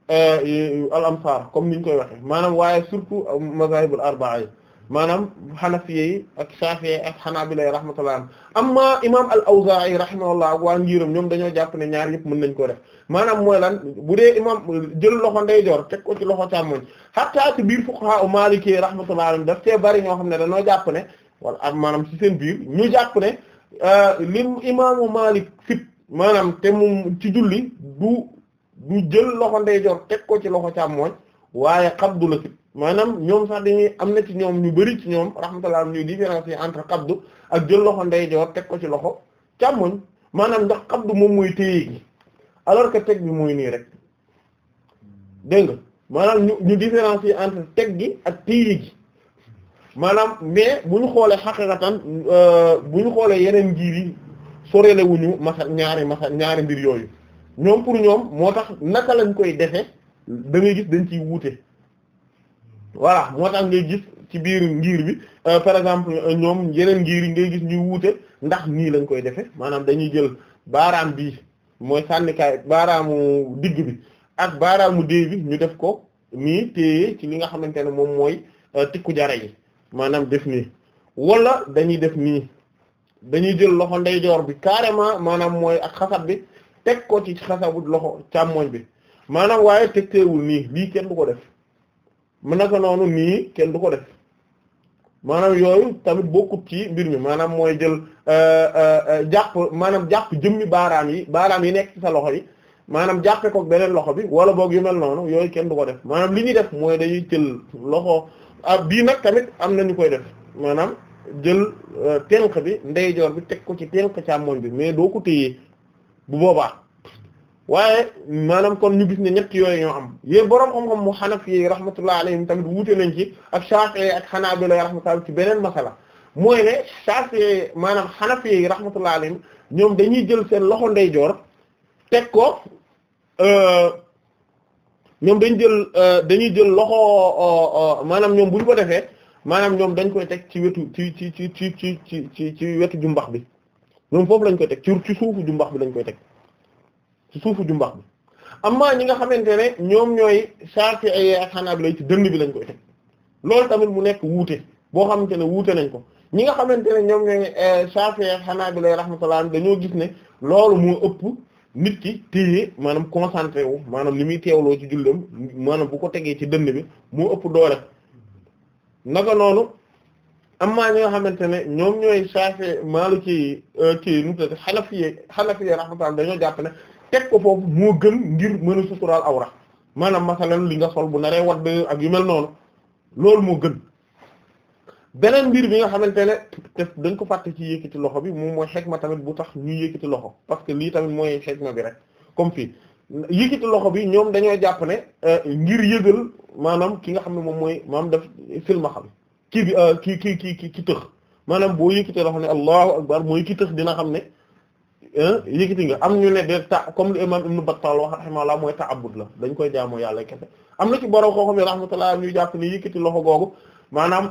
Euh, euh, al amsaar comme niñ koy waxee maanaam waaye surtout euh, mazahibul arbaa yi maanaam xanafiye yi ak saafiye ak xanaabila rahmatullah amma imaam al awzaa'i rahimahullah ak waa njiiram ñoom dañoo jàpp ne ñaar yëpp mën nañ ko def maanaam mooy lan bu dee imaam jël loxo ndeyjoor teg ko ci loxo càmmoñ hatta ci biir fuqaha maliki rahmatullah alayhi daf tee bari ñoo xam ne dañoo jàpp ne wala ak maanaam ci seen biir ñu jàpp ne lim imaamu Maalik fit maanaam te mu ci julli du du jël loxo ndeyjoor teg ko ci loxo càmmooñ waaye xabdu la ci maanaam ñoom sax dañuy am na ci ñoom ñu bari ci ñoom rahmatullah ñuy différencier entre xabdu ak jël loxo ndeyjoor teg ko ci loxo càmmooñ maanaam ndax xabdu moom mooy téye gi alors que teg bi mooy nii rek dégg nga maanaam ñu ñu différencier entre teg gi ak téye gi maanaam mais bu ñu xoolee xaqiqatan euh, bu ñu xoolee yeneen ngir yi sorele wuñu ñaari masa ñaari mbir yooyu ñoom pour ñoom moo tax naka lañ koy defe da gis dañ ci wuute voilà moo tax ngay gis ci biir ngiir bi euh, par exemple euh, ñoom yeneen ngiir yi ngay gis ñuy wuute ndax nii lañ koy defe maanaam dañuy jël baaraam bi mooy sànnikaay baaraamu digg bi ak baaraamu déy bi ñu def ko nii téye ci li nga xamante ne moom mooy euh, tikku jara yi maanaam def nii wala dañuy def nii dañuy jël loxo ndeyjoor bi carrément maanaam mooy ak xasat bi teg ko ci xasabu loxo càmmoñ bi maanaam waaye teg teewul nii lii kenn du ko def mën naka noonu nii kenn du ko def maanaam yooyu tamit bokkut ci mbir mi maanaam mooy jël euh, euh, euh, jàpp maanaam jàpp jëmmi baaraam yi baaraam yi nekk ci sa loxo yi maanaam jàppe ko beneen loxo bi wala boog yu mel noonu yooyu kenn du ko def maanaam li ñu def mooy dañuy jël loxo ah, bii nag tamit am na ñu koy def maanaam jël tenk bi ndeyjoor bi teg ko ci tenk càmmoñ bi mais doo ko téye bu boobaa waaye maanaam kon ñu gis ne ñett yooyu ñoo am yéen borom xam-xam mu xanaf yi rahmatullah alayhim tamit wuute nañ ci ak Shafi'i ak Hanabila rahmatullah ci beneen masala mooy ne Shafi'i maanaam xanafi yi rahmatullah alayhim ñoom dañuy jël seen loxo ndeyjoor teg ko euh, ñoom dañ jël euh, dañuy jël loxo euh, maanaam ñoom bu ñu ko defee maanaam ñoom dañ koy teg ci wetu ci ci ci ci ci ci ci wetu jumbax bi ñoom foofu lañ koy teg ci suufu jumbax bi lañ koy teg ci suufu jumbax bi amma ñi nga xamante ne ñoom ñooy Shafi'i ay ak ci dënd bi lañ koy teg loolu tamit mu nekk wuute boo xamante ne wuute nañ ko ñi nga xamante ne ñoom ñooy eh, Shafi'i ak Hanabila rahmatullah dañoo gis ne loolu mu ëpp nit ki téye maanaam concentré wu maanaam li muy teewloo ci jullam maanaam bu ko tegee ci dënd bi moo ëpp doole naka noonu. am amma ñoo xamante ne ñoom ñooy Shafi'i Maliki euh, kii nu mu Hanafi Hanafi rahmatullah dañoo jàpp ne teg ko foofu moo gën ngir mën a suturaal awra maanaam masalan li nga sol bu naree wadd ak yu mel noonu loolu moo gën beneen mbir bi nga xamante ne te dañ ko fàtte ci yëkkati loxo bi moom mooy xekma tamit bu tax ñuy yëkkati loxo parce que lii tamit mooy xekma bi rek comme fii yëkkati loxo bi ñoom dañoo jàpp ne euh, ngir yëgal maanaam ki nga xam ne moom mooy maam daf silmaxa bi kii bi euh, ki ki ki ki ki tëx maanaam boo yëkkatee loxo ne allahu akbar mooy ki tëx dina xam ne yëkkati nga am ñu ne de ta comme lu imam ibnu Battal wax rahimahullah mooy ta'abbud la dañ koy jaamoo yàlla kese am na ci borom koo xam ne rahmatullah ñu jàpp ne yëkkati loxo googu maanaam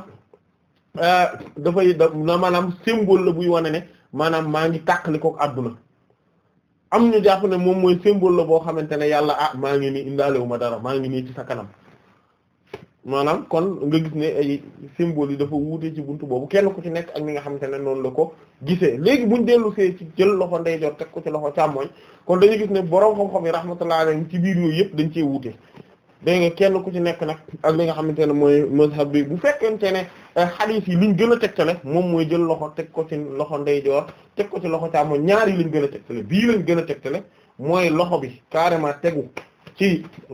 euh, dafay da maanaam symbole la buy wane ne maanaam maa ngi tàqali ko àdduna am ñu jàpp ne moom mooy symbole la boo xamante ne yàlla ah maa ngi nii indaalewu ma dara maa ngi nii ci sa kanam maanaam kon nga gis ne ay symbole yi dafa wuute ci bunt boobu kenn ku ci nekk ak ni nga xamante ne noonu la ko gisee léegi buñ dellu see ci jël loxo ndeyjoor teg ko ci loxo càmmoñ kon dañu gis ne borom xam-xam yi rahmatullah alayhi ci biir yooyu yëpp dañ cee wuute dégg nga kenn ku ci nekk nag ak li nga xamante ne mooy mazhab bi bu fekkente ne hadith eh, yi liñ gën a tegtale moom mooy jël teg ko ci loxo ndeyjoor teg ko ci loxo càmmoñ ñaar yi lañ gën a tegtale bii lañ gën a tegtale mooy loxo bi carrément tegu ci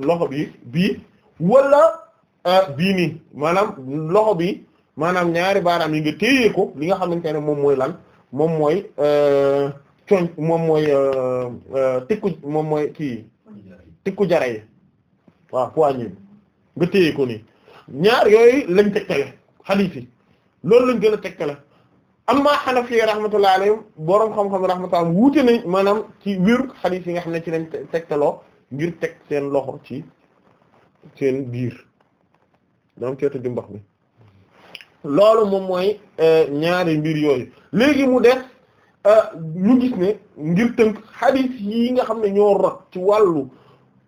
loxo bi bii wala Ah, bii nii maanaam loxo bi maanaam ñaari baaraam yi nga téye ko li nga xamante ne moom mooy lan moom mooy euh, coñ moom mooy euh, euh, tikku moom mooy kii tikku jara yi waaw poignée bi nga téye ko nii ñaar yooyu lañ tegtale hadith yi loolu lañ gën a tegtale amma Hanafi rahmatullahi alayhim boroom xam-xam rahmatullah wuute nañ maanaam ci wéru hadith yi nga xam ne ci lañ tegtaloo ngir teg seen loxo ci seen biir maanaam ceetu jumbax mi loolu moom mooy eh, ñaari mbir yooyu léegi mu def eh, ñu gis ne ngir tënk hadith yi nga xam ne ñoo rot ci wàllu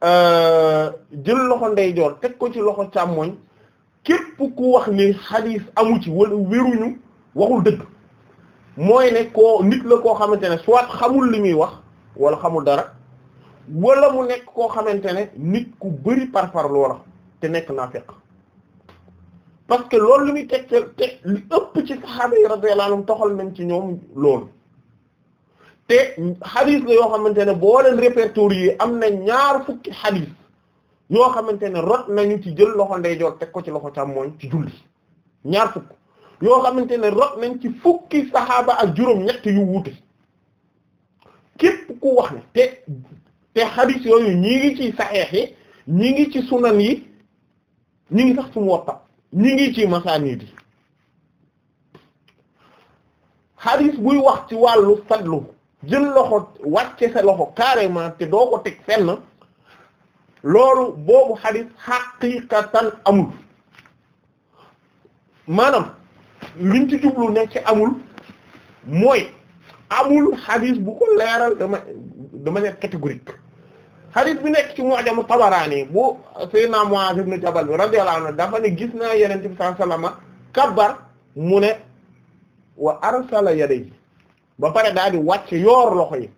eh, jël loxo ndeyjoor teg ko ci loxo càmmoñ képp ku wax ni hadith amu ci wala wéruñu waxul dëgg mooy ne ko nit la koo xamante ne soit xamul li muy wax wala xamul dara wala mu nekk koo xamante ne nit ku bari par la te nekk naa fekk parce que loolu li muy teg te li ëpp ci sahaaba yi radiyallahu anhum toxal nañ ci ñoom loolu te xadis la yoo xamante ne boo leen yi am na ñaar fukki xadis yoo xamante ne rot nañu ci jël loxo ndeyjoor teg ko ci loxo càmmooñ ci julli ñaar fukk yoo xamante ne rot nañ ci fukki sahaaba ak juróom ñett yu wuute képp ku wax ne te xadis yooyu ñii ngi ci saxeex yi ñi ngi ci sunan yi ñi ngi sax su mu ñi ngi ci masaanid yi xadis buy wax ci wàllu fadlu jël loxo wàcce sa loxo carrément te doo ko teg fenn loolu boobu xadis xaqiqatan amul maanaam liñ ci jublu ne ci amul mooy amul xadis bu ko leeral dama de manière catégorique hadith bi nekk ci mu'jam Tabaraani bu Seydina Mu'aaz ibn Jabal bi radiyallahu anhu dafa ne gis naa Yonent bi sallallahu alayhi wasallam mu ne wa arsala yadayhi ba pare daal di yoor loxo yi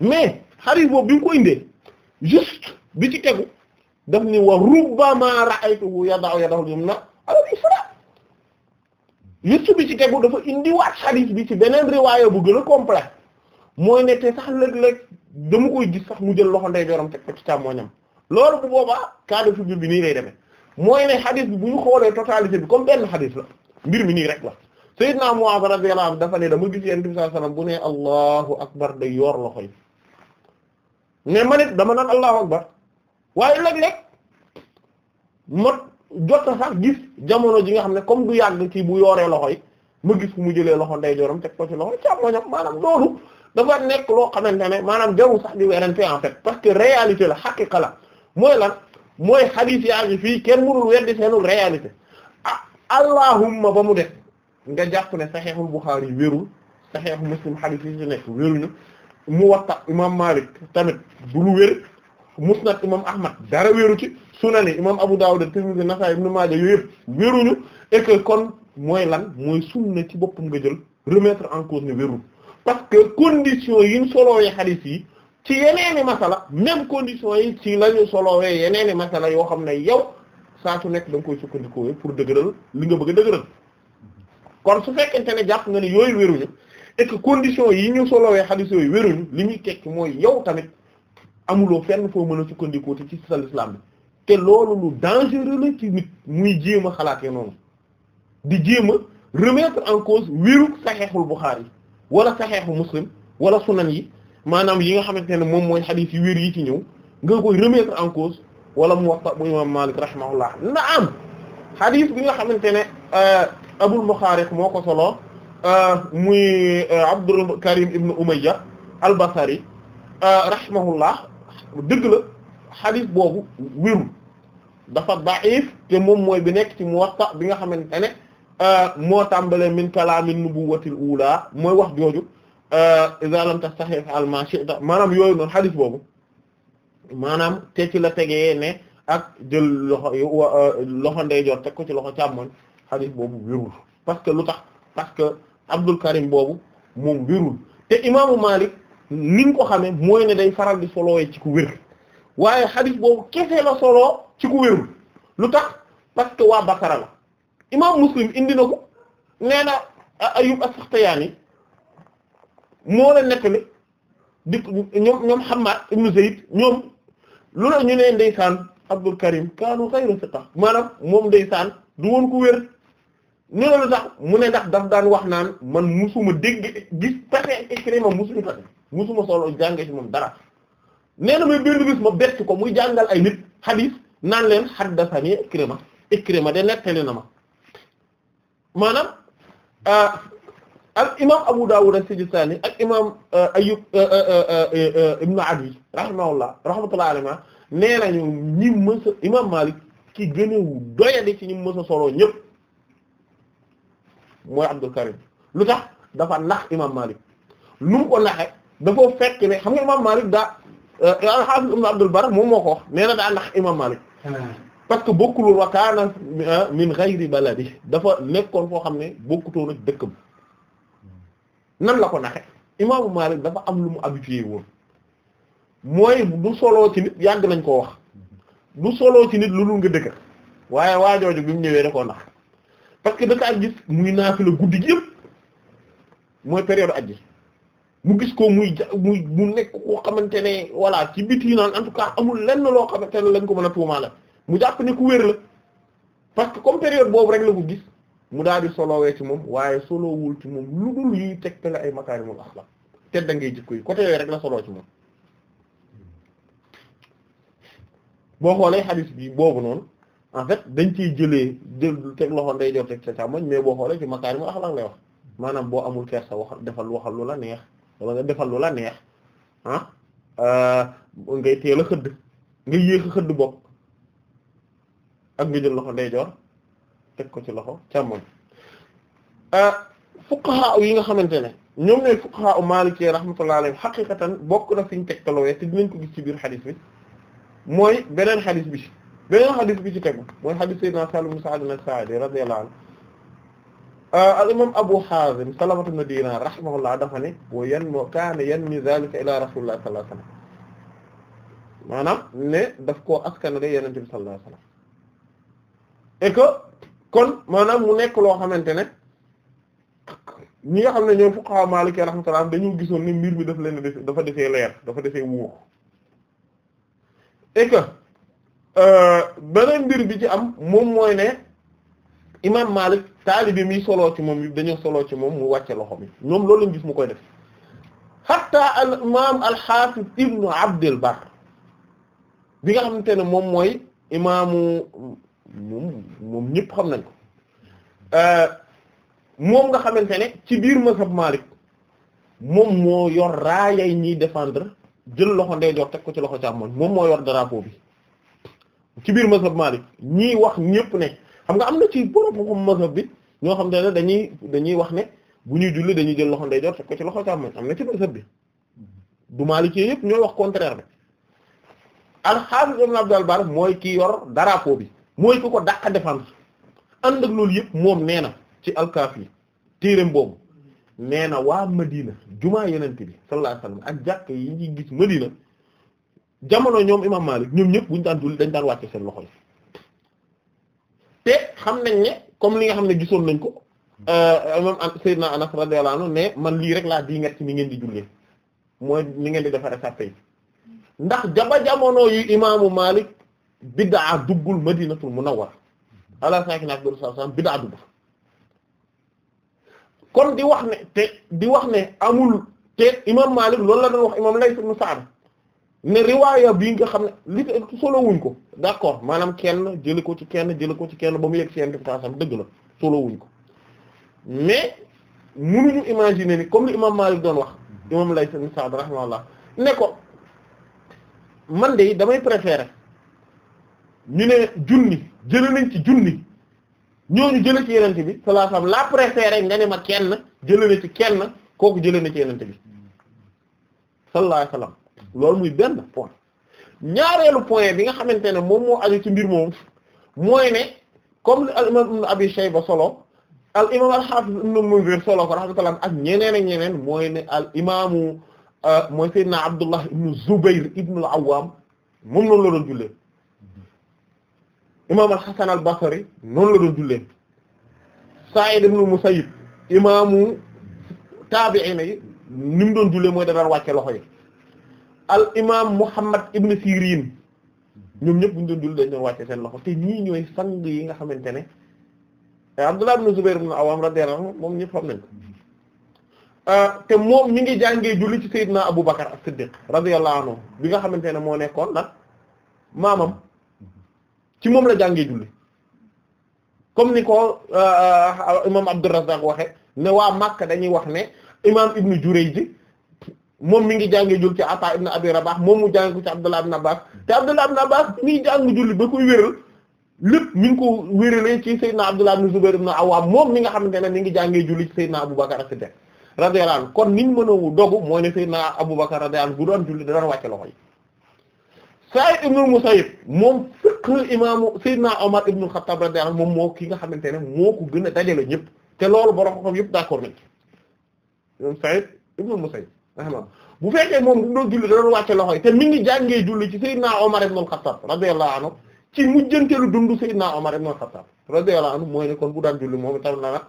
mais hadith boobu bi ko indee juste bi ci tegu daf ni wa rubbama ra'aytuhu yada'u yadahu al-yumna ala al-yusra juste bi ci tegu dafa indi indiwaat hadith bi ci beneen riwaaya bu gën a complet mooy ne sax léeg-léeg dama koy gis sax mu jël loxo ndeyjooram teg ko ci càmmoñam loolu bu boobaa cas de figure bi nii lay demee mooy ne xadis bi bu ñu xoolee totalité bi comme benn xadis la mbir mi nii rek la Seydina Muaz radiyallahu anhu dafa ne dama gis Yonent bi sallallahu alayhi wasallam bu ne Allahu akbar day yor loxo yi mais man it dama naan Allahu akbar waaye léeg-léeg ma jot sax gis jamono ji nga xam ne comme du yàgg ci bu yooree loxo yi ma gis fu mu jëlee loxo ndeyjooram teg ko ci loxo càmmoñam maanaam loolu. dafa nekk loo xamante ne maanaam jarul sax di werante en fait parce que réalité la xaqiqa la mooy lan mooy xadiis yaa ngi fii kenn mënul weddi seenul réalité ah allahumma ba mu def nga jàpp ne saxiixul Buxaari wérul saxiix Muslim xadiis yi ci nekk mu Muwatta imam Maalik tamit du lu wér Musnad imam Ahmad dara wéru ci Sunani imam Abu Dawud Tirmidhi Nasaa'i Ibn Maaja yooyu yëpp wéruñu ñu que kon mooy lan mooy sunna ci boppam nga jël remettre en cause ne parce que condition yi ñu solowee xadis yi ci yeneeni masala même condition yi ci lañu solowee yeneeni masala yoo xam ne yow saa su nekk da nga koy sukkandikoo pour dëgëral li nga bëgg a dëgëral kon su fekkente ne jàpp nga ni yooyu wéruñu et que condition yi ñu solowee xadis yooyu wéruñu li ñuy tekki mooy yow tamit amuloo fenn foo mën a sukkandikoo te ci sal islam bi te loolu lu dangereux la ci nit muy jéem a xalaatee noonu di jéem a remettre en cause wérug saxeexul Buxaari wala saxeexu muslim wala sunan yi maanaam yi nga xamante ne moom mooy xadiis yi wér yi ci ñëw nga koy remettre en cause wala Muwatta bu imam Malik rahimahullah na am xadiis bi nga xamante ne euh, Abul Muxaariq moo ko solo euh, muy euh, Abdul Karim ibn Umayya al-Basri rahimahullah dëgg la xadiis boobu wérul dafa da'if te moom mooy bi nekk ci Muwatta bi nga xamante ne Euh, moo tàmbalee min kalaamin nubuwwatil ula mooy wax jooju euh, idha lam tastahi fa'al ma shi'ta yooyu noonu xadis boobu maanaam te ci la tegee ne ak jël loxo euh, loxo ndeyjoor teg ko ci loxo càmmoñ xadis boobu wérul parce que lu tax parce que Abdul Karim boobu moom wérul te imaamu Malik ni ko xamee mooy ne day faral di solowee ci ku wér waaye xadis boobu kese la soloo ci ku wérul lu tax parce que waa Basara la imaam muslim indi na ko nee na Ayyub as-Saxtiyaani moo la nettali di ñoom ñoom Hammaad ibnu Zayd ñoom lu la ñu ne ndeysaan Abdul Karim kaanu xayru siqa maanaam moom ndeysaan du woon ku wér ñu ne tax mu ne ndax daf daan wax naan man musuma dégg gis pexe Ikrima musuñu pexe musuma solo jànge ci moom dara nee na muy benn bis ma bett ko muy jàngal ay nit xadiis naan leen xaddasani Ikrima Ikrima de nettali na ma maanaam euh, al imaam Abu Dawud as-Sijistani ak imaam euh, Ayyub euh, ibn Adi rahimahullah rahmatullahi alayhi nee nañu ñi mës a imaam Malik ki gën a doyadi ci ñi mës a ñëpp mooy Abdul Karim lu tax dafa nax imaam Malik nu mu dafa fekk xam nga imaam Malik daa al-Hafiz ibn Abdul Barr moom moo ko wax daa nax imaam Malik. Ah. parce que bokkul wa kaana ah, min ghayri dafa nekkoon foo xam ne bokkutoon ak dëkkam nan la ko naxe imaamu Maalik dafa am lu mu habitué woon mooy du soloo ci nit yàgg nañ koo wax du soloo ci nit lu dul nga dëkk waaye waajooju bi mu ñëwee da koo parce que dafa ak gis muy la guddi gi yëpp mooy période aji mu gis ko muy muy mu nekk koo xamante ne voilà ci biti naan en tout cas amul lenn loo xamante ne lañ ko mën a tuumaale mu jàpp ne ku wér la parce que comme période boobu rek la ko gis mu daal di solowee ci moom waaye solowul ci moom lu dul yuy tegtale ay makaarimul axlaaq tedda ngay jikko yi côté yooyu rek la soloo ci moom boo xoolee xadis bi boobu noonu en fait dañ ciy jëlee jël teg loxo day jor teg sa càmmoñ mais boo xoolee ci makaarimul axlaaq lay wax maanaam boo amul sa wax defal waxal lu la neex wala nga defal lu la neex ah euh, ngay teel a xëdd nga yéex xëdd bopp ak nga loxo ndeyjoor teg ko ci loxo càmmoñ ah, fuqaha yi nga xamante ne ñoom ñooy fuqaha u maliki rahmatullahi alayhi xaqiqatan bokk na fi ñu teg talowee te dinañ ko gis ci biir xadis bi mooy beneen xadis bi ci beneen xadis bi ci tegu mooy xadis sayyidina Sahl ibn Sa'd as-Sa'idi radiyallahu anhu ah, al imam Abu Hazim Salama ibn Dinar rahimahullah dafa ne wa yan moo kaane yan ni zalika ila rasulillah sallallahu alayhi wasallam maanaam ne et que kon maanaam mu nekk loo xamante ne ñi nga xam ne ñooy fuqaha Maliki rahmatullah dañu gisoon ne mbir bi daf leen dafa defee leer dafa defee wóor et que euh, beneen mbir bi ci am moom mooy ne imam Malik taalibe mi soloo ci moom dañu soloo ci moom mu wàcce loxo mi ñoom loolu lañ gis mu koy def hatta al imam al-Hafiz ibnu Abdul Barr bi nga xamante ne moom mooy imaamu moom moom ñëpp xam nañ ko euh, moom nga xamante ne ci biir mazhab Malik moom moo yor raayay ñiy défendre jël loxo ndeyjoor teg ko ci loxo càmmoñ moom moo yor drapeau bi ci biir mazhab Malik ñiy wax ñépp ne xam nga am na ci borom mazhab bi ñoo xam ne dañuy dañuy wax ne bu ñuy julli dañuy jël loxo ndeyjoor teg ko ci loxo càmmoñ am na ci mazhab bi du Malik yëpp ñooy wax contraire bi al-Hafiz Ibn mooy kii yor drapeau bi. mooy ku ko dàq défense ànd ak loolu yëpp moom nee na ci alkaafi téereem boobu nee na waa Madina jumaa yenente bi sallallahu alayhi wasallam ak jàkk yi ñuy gis Madina jamono ñoom imam Malik ñoom ñëpp buñu daan julli dañ daan wàcce seen loxo te xam nañ ne comme li nga xam ne gisoon nañ ko euh, imam Seydina Anas radiyallahu ne man lii rek laa dii nget ci ni ngeen di jullee mooy ni ngeen di defare sàppe yi ndax jaba jamono yi imaamu Malik biddaa duggul madinatul munawwar ala saakina ak doon sax biddaa dugg kon di wax ne te di wax ne amul te imaam Maalik loolu la doon wax imaam Layth ibn Sa'd ne riwaaya bii nga xam ne li solowuñ ko d'accord maanaam kenn jëli ko ci kenn jëli ko ci kenn ba mu yegg seen réputation dëgg la solowuñ ko mais mënuñu imaginer ni comme li imaam Maalik doon wax imaam Layth ibn Sa'd rahimahullah ne ko man de damay préférer. ñu ne junni jële nañ ci junni ñooñu jële ci yenente bi sallallahu alayhi wasallam la nga ne ma kenn jële na ci kenn kooku jële na ci yenente bi sallallahu alayhi loolu muy benn point ñaareelu point bi nga xamante ne moom moo aju ci mbir moom mooy ne comme al imam ibn abi shayba solo al imam al hafiz ibn munzir solo ko rahmatullah ak ñeneen ak ñeneen mooy ne al imaamu euh, mooy sayyidina abdullah ibn zubayr ibn al moom noonu la doon jullee imaam al-Hasan al-Basri noonu la doon jullee Sa'id ibn Musayyib imaamu taabi'iin yi ni mu doon jullee mooy da daan wàcce loxo yi al imaam Muhammad ibn Sirin ñoom ñëpp bu ñu doon jullee dañu doon wàcce seen loxo te ñii ñooy sang yi nga xamante ne Abdullah ibn Zubayr ibn Awwam radiyallahu anhu moom ñëpp xam nañ ah, te moom mi ngi jàngee julli ci Seydina Abu Bakar as-Siddiq radiyallahu anhu bi nga xamante ne moo nekkoon nag maamam. ci moom la jàngee julli comme ni ko euh, euh, imam Abdurrazzaq waxe ne waa Makka dañuy wax ne imam Ibn Jurayj moom mi ngi jàngee jul ci Ataa ibn Abi Rabah moom mu jàngee ko ci Abdullah ibn Abbas te Abdullah ibn Abbas mi jàng julli ba koy wéral lépp mi ngi ko wéralee ci Seydina Abdullah ibn Zubayr ibn Awwam moom mi nga xamante ne mi ngi jàngee julli ci Seydina Abubakar as-Siddiq radiyallahu anhu kon niñ mënowu dogu mooy ne Seydina Abubakar radiyallahu anhu bu doon julli da doon wàcce lo yi Saïd ibn al-Musayyib moom fiqh imaamu Seydina Omar ibn al-Khattab radiyallahu moom moo ki nga xamante ne moo ko gën a dajale ñëpp te loolu borom xam yëpp d'accord nañ moom Saïd ibn al-Musayyib rahimahullah bu fekkee moom du doon julli da doon wàcce loxo yi te mi ngi jàngee julli ci Seydina Omar ibn al-Khattab radiyallahu anhu ci mujjanteelu dundu Seydina Omar ibn al-Khattab radiyallahu anhu mooy ne kon bu daan julli moom itam na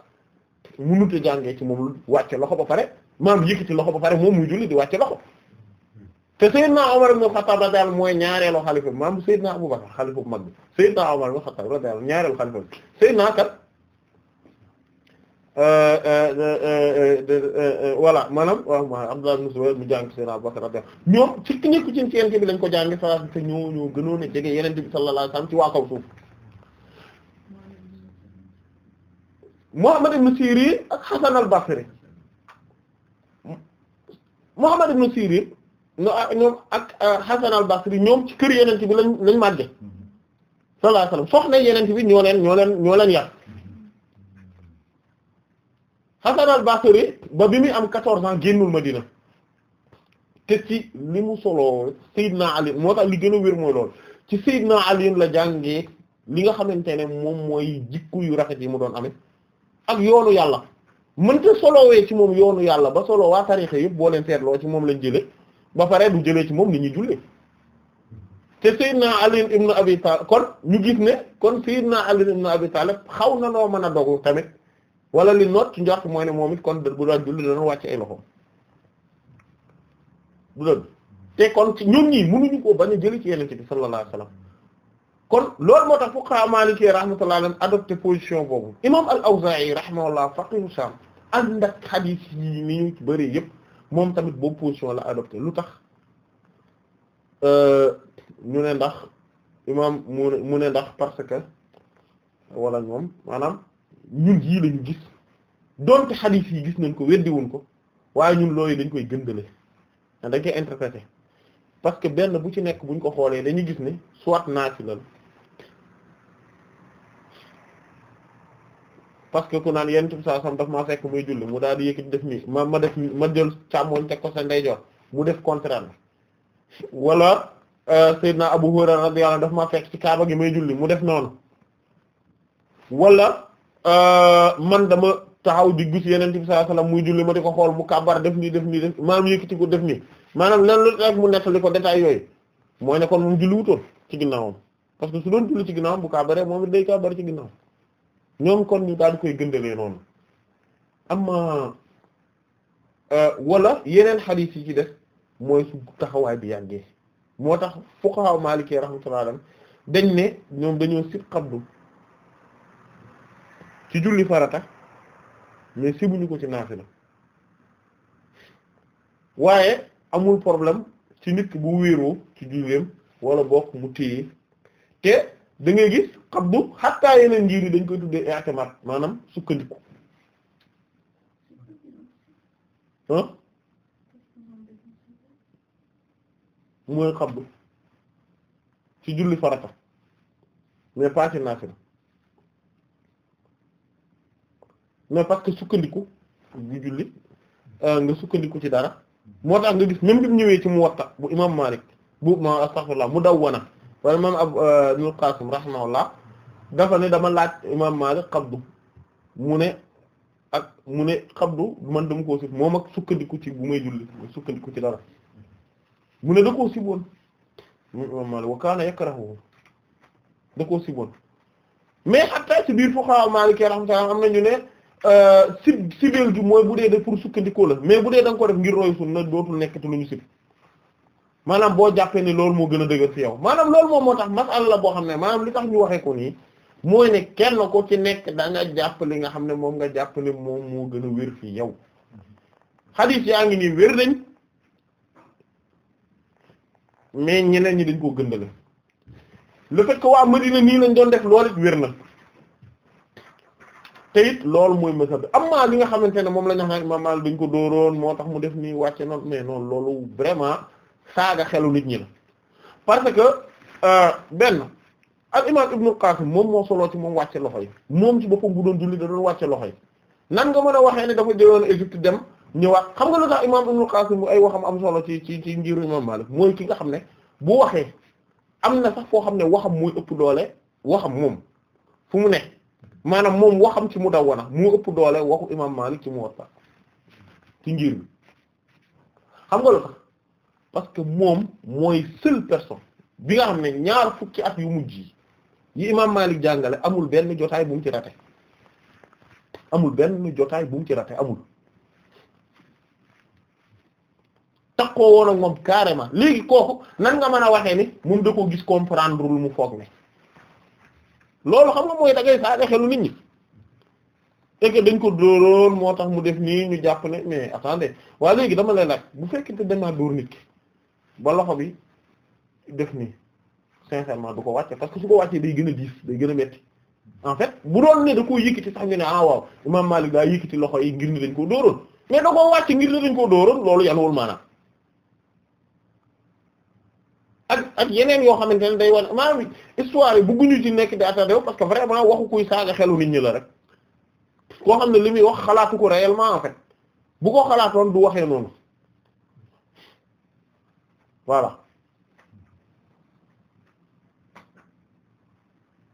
mënut a jàngee ci moom lu wàcce loxo ba pare maam yëkkati loxo ba pare moom muy julli di wàcce loxo. te Seydina Omar ibn Khattab radiyallahu mooy ñaareelu xalifa maam Seydina Abu Bakr xalifa bu mag bi Seydina Omar ñaareelu xalifa bi Seydina kat euh, euh, euh, voilà maanaam waaw Abdullah ibn Zubayr mu jàng Seydina Abu Bakr radiyallahu ñoom ci ki nekk ci yent bi lañ ko jàng sa te ñoo ñoo gënoon a jege yeneen bi sallallahu alayhi wasallam ci waa kaw suuf Muhammad ibn Sirin ak Hasan al-Basri Muhammad ibn Sirin Ah, ñoom ak ah, Hasan al ñoom ci kër yeneen bi lañ lañ màgge sallallahu alayhi wasallam soxna yeneen bi ñoo leen ñoo leen ñoo leen yar Hasan al ba bi muy am quatorze ans génnul dina te ci li mu solo Seydina Ali moo tax li gën a wér mooy lool ci Seydina Ali la jàngee li nga xamante ne moom mooy jikku yu rafet yi mu doon amee ak yoonu yàlla mënta solowee ci moom yoonu yàlla ba solo waa tarixe yëpp boo leen seetloo ci moom lañ jëlee ba pare du jëlee ci moom ni ñuy jullee te Seydina Ali ibn Abi Talib kon ñu gis ne kon Seydina Ali ibn Abi Talib xaw na noo mën a dogu tamit wala li noot ci njort ne moom it kon bu daan julli dana wàcc ay loxoom du doon te kon ci ñoom ñii mënuñu koo bañ a jëlee ci Yonent bi sallallahu alayhi wasallam kon lool moo tax fuqaha Maliki rahmatullahi alayhim adopté position boobu imam al-Awza'i rahimahullah faqihu Sham ànd ak xadiis yi ni ñu ci bëree yëpp. moom tamit boobu position la adopté lu tax euh, ñu ne ndax imam mu ne mu ne ndax parce que wala ñoom maanaam ñun yii lañu gis doonte hadith yi gis nañ ko weddiwuñ ko waaye ñun loolu dañ koy gëndale dañ koy interpréter parce que benn bu ci nekk buñ ko xoolee dañuy gis ne soit naafila la parce que ku naan yenent bi sallallahu alayhi wasallam daf maa fekk muy julli mu daal di yëkkati def nii ma ma def ma jël ko sa ndeyjoor mu def contraire bi wala euh, Seydina Abu Hurayra radiyallahu anhu daf maa fekk ci gi may julli mu def noonu wala euh, man dama taxaw di gis yenent bi sallallahu alayhi wasallam muy julli ma di ko xool mu kàbbar def nii def nii def maanaam yëkkati ko def nii mu nettali ko détail yooyu mooy ne kon moom julli wutoon ci ginnaawam parce que su doon julli ci ginnaawam bu kàbbaree moom it day kàbbar ci ginnaawam ñoom kon ñu daal koy gëndalee noonu amma euh, wala yeneen xadiis yi ci def mooy su taxawaay bi yàggee moo tax fuqaha Maliki rahmatullah alayhim dañ ne ñoom dañoo sib xabdu ci julli farata mais sibuñu ko ci naafila waaye amul problème ci nit bu wéeroo ci julleem walla bokk mu téye te da ngay gis xabdu xattaa yeneen njiir yi dañ koy tuddee i'timad maanaam sukkandiku mooy xabdu ci julli farata mais pas ci naafila mais parce que sukkandiku ju julli euh, nga sukkandiku ci dara moo tax nga gis même bi ñëwee ci Muwatta bu imam Malik bu ma astaghfirullah mu daw wana ab wala imaam Abul euh, Qaasim rahimahullah dafa ne dama laaj imaam la xabdu mu ne ak mu ne xabdu man dama koo sib moom ak sukkandiku ci bu may julli sukkandiku ci dara mu ne da koo siboon moom imaam Maalik wa kaana yakrahu da koo siboon mais xataa ci biir fuqahaa Maalik rahimahullah am nañu ne euh, sib sibeel gi mooy bu dee de pour sukkandikoo la mais bu dee da nga ko def ngir roy sunna dootul nekkati lu ñu sib maanaam boo jàppee ne loolu moo gën a dëgër ci yow maanaam loolu moom moo tax masala la boo xam ne maanaam li tax ñu waxee ko nii mooy ne kenn ko ci nekk da jàpp li nga xam ne moom nga jàpp ne moom moo gën a wér fi yaa ngi nii wér nañ mais ñeneen ñi dañ koo gëndale le fait que waa Madina nii lañ doon def loolu it na te it loolu mooy masab amma li nga xamante ne moom la ñu wax naan imaam Maalik dañ ko dóoroon moo tax mu def nii wàcce noonu mais noonu loolu vraiment saaga xelu nit ñi la parce que euh, benn al imam Ibnul Qasim moom moo soloo ci moom wàcce loxo yi moom ci boppam bu doon julli da doon wàcce loxo yi nan nga mën a waxee ne dafa jëloon Égypte dem ñëwaat xam nga lu tax imam Ibnul Qasim ay waxam am solo ci ci ci ngiru imam Malik mooy ki nga xam ne bu waxee am na sax xam ne waxam muy ëpp doole waxam moom fu mu ne maanaam moom waxam ci Mudawwana mu ëpp doole waxu imam Malik ci Muwatta ci ngir bi nga lu parce que moom mooy seule personne bi nga xam ne ñaar fukki at yu mujj yi yi imaam Malik jàngale amul benn jotaay bu mu ci rate amul benn jotaay bu ci rate amul takkoo woon ak moom carrément léegi kooku nan nga mën a waxee ni moom da ko gis comprendre lu mu foog ne loolu xam nga mooy da ngay saa xelu nit ñi et dañ ko dóoroon moo tax mu def nii ñu jàpp ne mais attendez waa léegi dama lay laaj bu fekkente dañ maa dóor nit ki ba loxo bi def nii sincèrement du ko wàcce parce que su ko wàccee day gën a diis day gën a metti en fait bu doon ne da koo yëkkati sax ñu ne ah waaw imam Malik daa yëkkati loxo yi ngir ne dañ koo dóoroon mais da koo wàcce ngir ne dañ koo dóoroon loolu yanuwul maanaam ak ak yeneen yoo xamante ne day wan maanaam histoire yi bëgguñu ci nekk di attardé parce que vraiment waxu kuy saaga xelu nit ñi la rek koo xam ne li muy wax xalaatu ko réellement en fait bu ko xalaatoon du waxee noonu voilà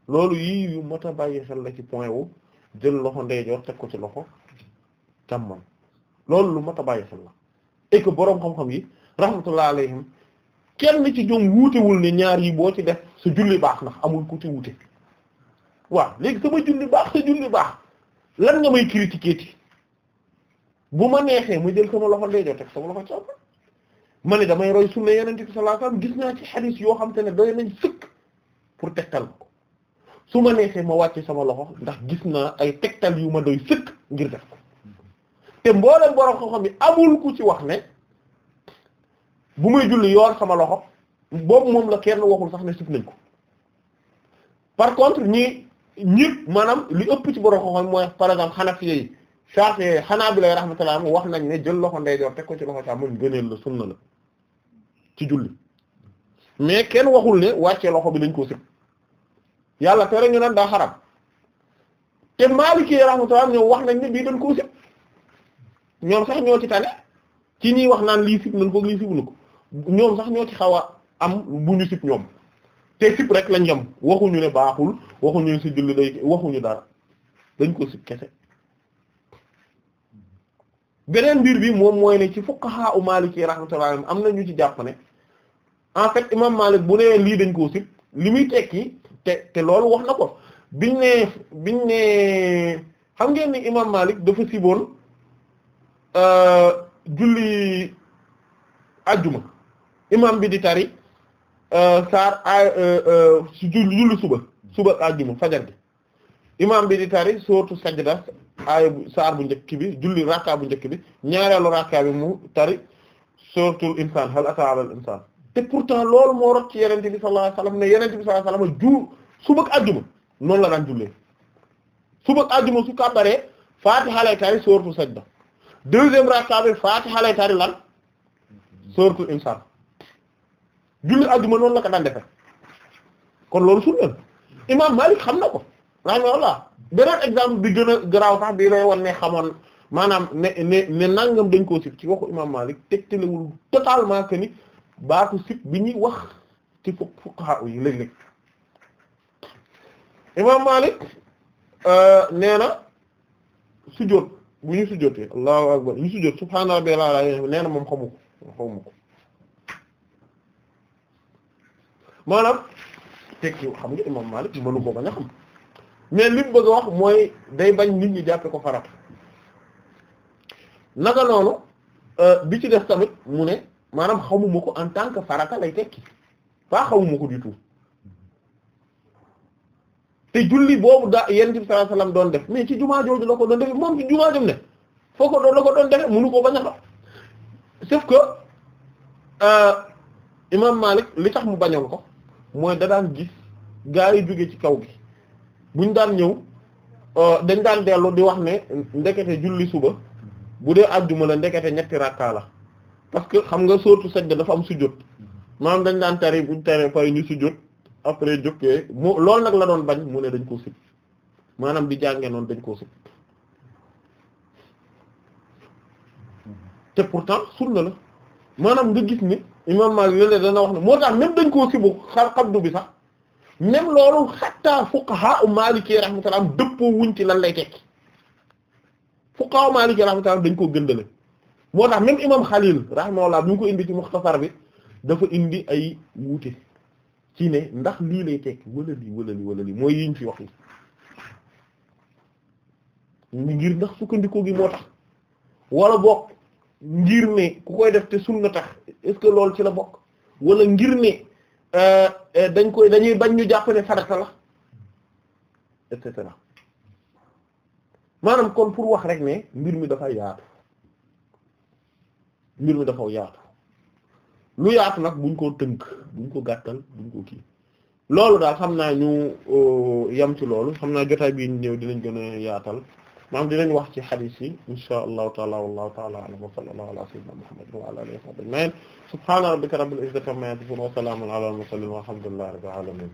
loolu yii yu mot a xel la ci point wu jël loxo ndeyjoor teg ko ci loxo càmmoñ loolu lu mot a bàyyi xel la et que boroom xam-xam yi rahmatullah alayhim kenn ci ñoom wuutewul ne ñaar yi boo ci def sa julli baax ndax amul ku ci wuute waaw léegi sama julli baax sa julli baax lan nga may critiquer ti bu ma neexee ma jël sama loxo ndeyjoor teg sama loxo càmmoñ ma ne damay roy sunna yeneen bi sallallahu alayhi wasallam gis naa ci xadiis yoo xam te ne doy nañ sëkk pour tegtal ko su ma neexee ma wàcce sama loxo ndax gis naa ay tegtal yu ma doy sëkk ngir def ko te mboolem borom xam-xam yi amul ku ci wax ne bu muy julli yoor sama loxo boobu moom la kenn waxul sax ne sif nañ ko par contre ñi ñëpp maanaam li ëpp ci borom xam-xam mooy par exemple Hanafi yi Shafi'i Hanabila rahmatullah wax nañ ne jël loxo ndeyjoor teg ko ci loxo càmmoñ gëneel la sunna la. ci julli mais kenn waxul ne wàccee loxo bi dañ koo sib yàlla tere ñu naan daa xaram te Maliki rahmatullah ñoom wax nañ ne bii dañ koo sib ñoom sax ñoo ci tane ci ñiy wax naan lii sib nañ ko lii sibnu ko ñoom sax ñoo ci xaw am bu ñu sib ñoom te sib rek lañ yem waxuñu ne baaxul waxuñu ne ci julli day waxuñu dara dañ ko sib kese beneen mbir bi moom mooy ne ci fukk fuqaha u Maliki rahmatullah am na ñu ci jàpp ne en fait imam Malik bu nee lii dañ koo sib li muy tekki te te loolu wax na ko biñ ne biñ ne xam ngeen ni imam Malik dafa siboon euh, julli ajjuma imam bi di tari euh, saar euh, su julli suba suba ajjuma fajar gi imam bi di tari sóortu sajda aaya bu saar bu njëkk bi julli rakka bu njëkk bi ñaareelu rakka bi mu tari sóortul insaan te pourtant loolu moo rot ci yonent bi sallallahu alayhi wasallam ne yonent bi sallallahu alayhi wasallam jur suba ak àjjuma noonu la daan jullee suba ak àjjuma su kàbbaree Fatiha lay tari sooratu sajda deuxième rakka bi Fatiha lay tari lan sooratu insaan julli àjjuma noonu la ko daan defe kon loolu sunna Imam Malik xam na ko rahimahullah beneen exemple bi gën a garaaw sax bii lay ne xamoon maanaam ne ne ne nangam dañ koo sif ci waxu Imam Malik tegtalewul totalement que baatu sib bi ñuy wax ci fuqaha yi léeg-léeg imam Malik euh, nee na sujjóot bu ñu sujjóotee allahu akbar ñu sujjóot subhaana rabbiyal a'la nee na moom xamu ko xamu ko xam nga imam Malik mënu ko a xam mais li bëgg a wax mooy day bañ nit ñi jàppe ko farat naka euh, bi ci def tamit mu ne maanaam xamuma ko en tant que farata lay tekki faa xamuma ko du tout te julli boobu daa yonent bi sallallahu alayhi doon def mais ci jumaa jooju la ko doon def moom ci jumaa jooju ne foo ko doon la ko doon def mënu ko bañ a dox sauf que euh, imam Malik li tax mu bañoon ko mooy da daan gis gaa yi jóge ci kaw gi buñ daan ñëw euh, dañ daan dellu di wax ne ndekete julli suba bu dee àjjuma la ndekete ñetti rakka la parce que xam nga sóortu sajda dafa am sujjóot maanaam dañ daan tari buñ tari pare ñu sujjóot après jókkee mu loolu nag la doon bañ mu ne dañ koo sib maanaam di jàngee noonu dañ koo sib te pourtant sunna la maanaam nga gis ni imam Maalik léeg-léeg dana wax ne moo tax même dañ koo sibu xar xabdu bi sax même loolu xatta fuqaha u Maliki rahmatullah dëppoo wuñ ci lan lay tekki fuqaha u Maliki rahmatullah dañ koo gëndale moo tax même imam Xalil rahimahullah bi ñu ko indi ci muxtasar bi dafa indi ay wuute ci ne ndax lii lay tekk wala lii wala lii wala lii mooy yiñ fi wax yi ngir ndax sukkandikoo gi moo tax walla bokk ngir ne ku koy def te sunna tax est-ce que loolu ci la bokk wala ngir ne euh, euh, dañ koy dañuy bañ ñu jàpp ne farata la et cetera maanaam kon pour wax rek ne mbir mi dafay yaatu mbir mi dafa yaatu lu yaatu nag buñ ko tënk buñ ko gàttal buñ loolu daal xam naa ñu euh, yam ci loolu xam naa jotaay bii ñu ñëw dinañ gën a yaatal maanaam dinañ wax ci hadith yi insha allahu taala wallahu taala alam wa sallallahu ala sayyidina muhammadin wa ala alihi wa sahbihi subhana rabbika rabbil izzati amma yasifun wa salamun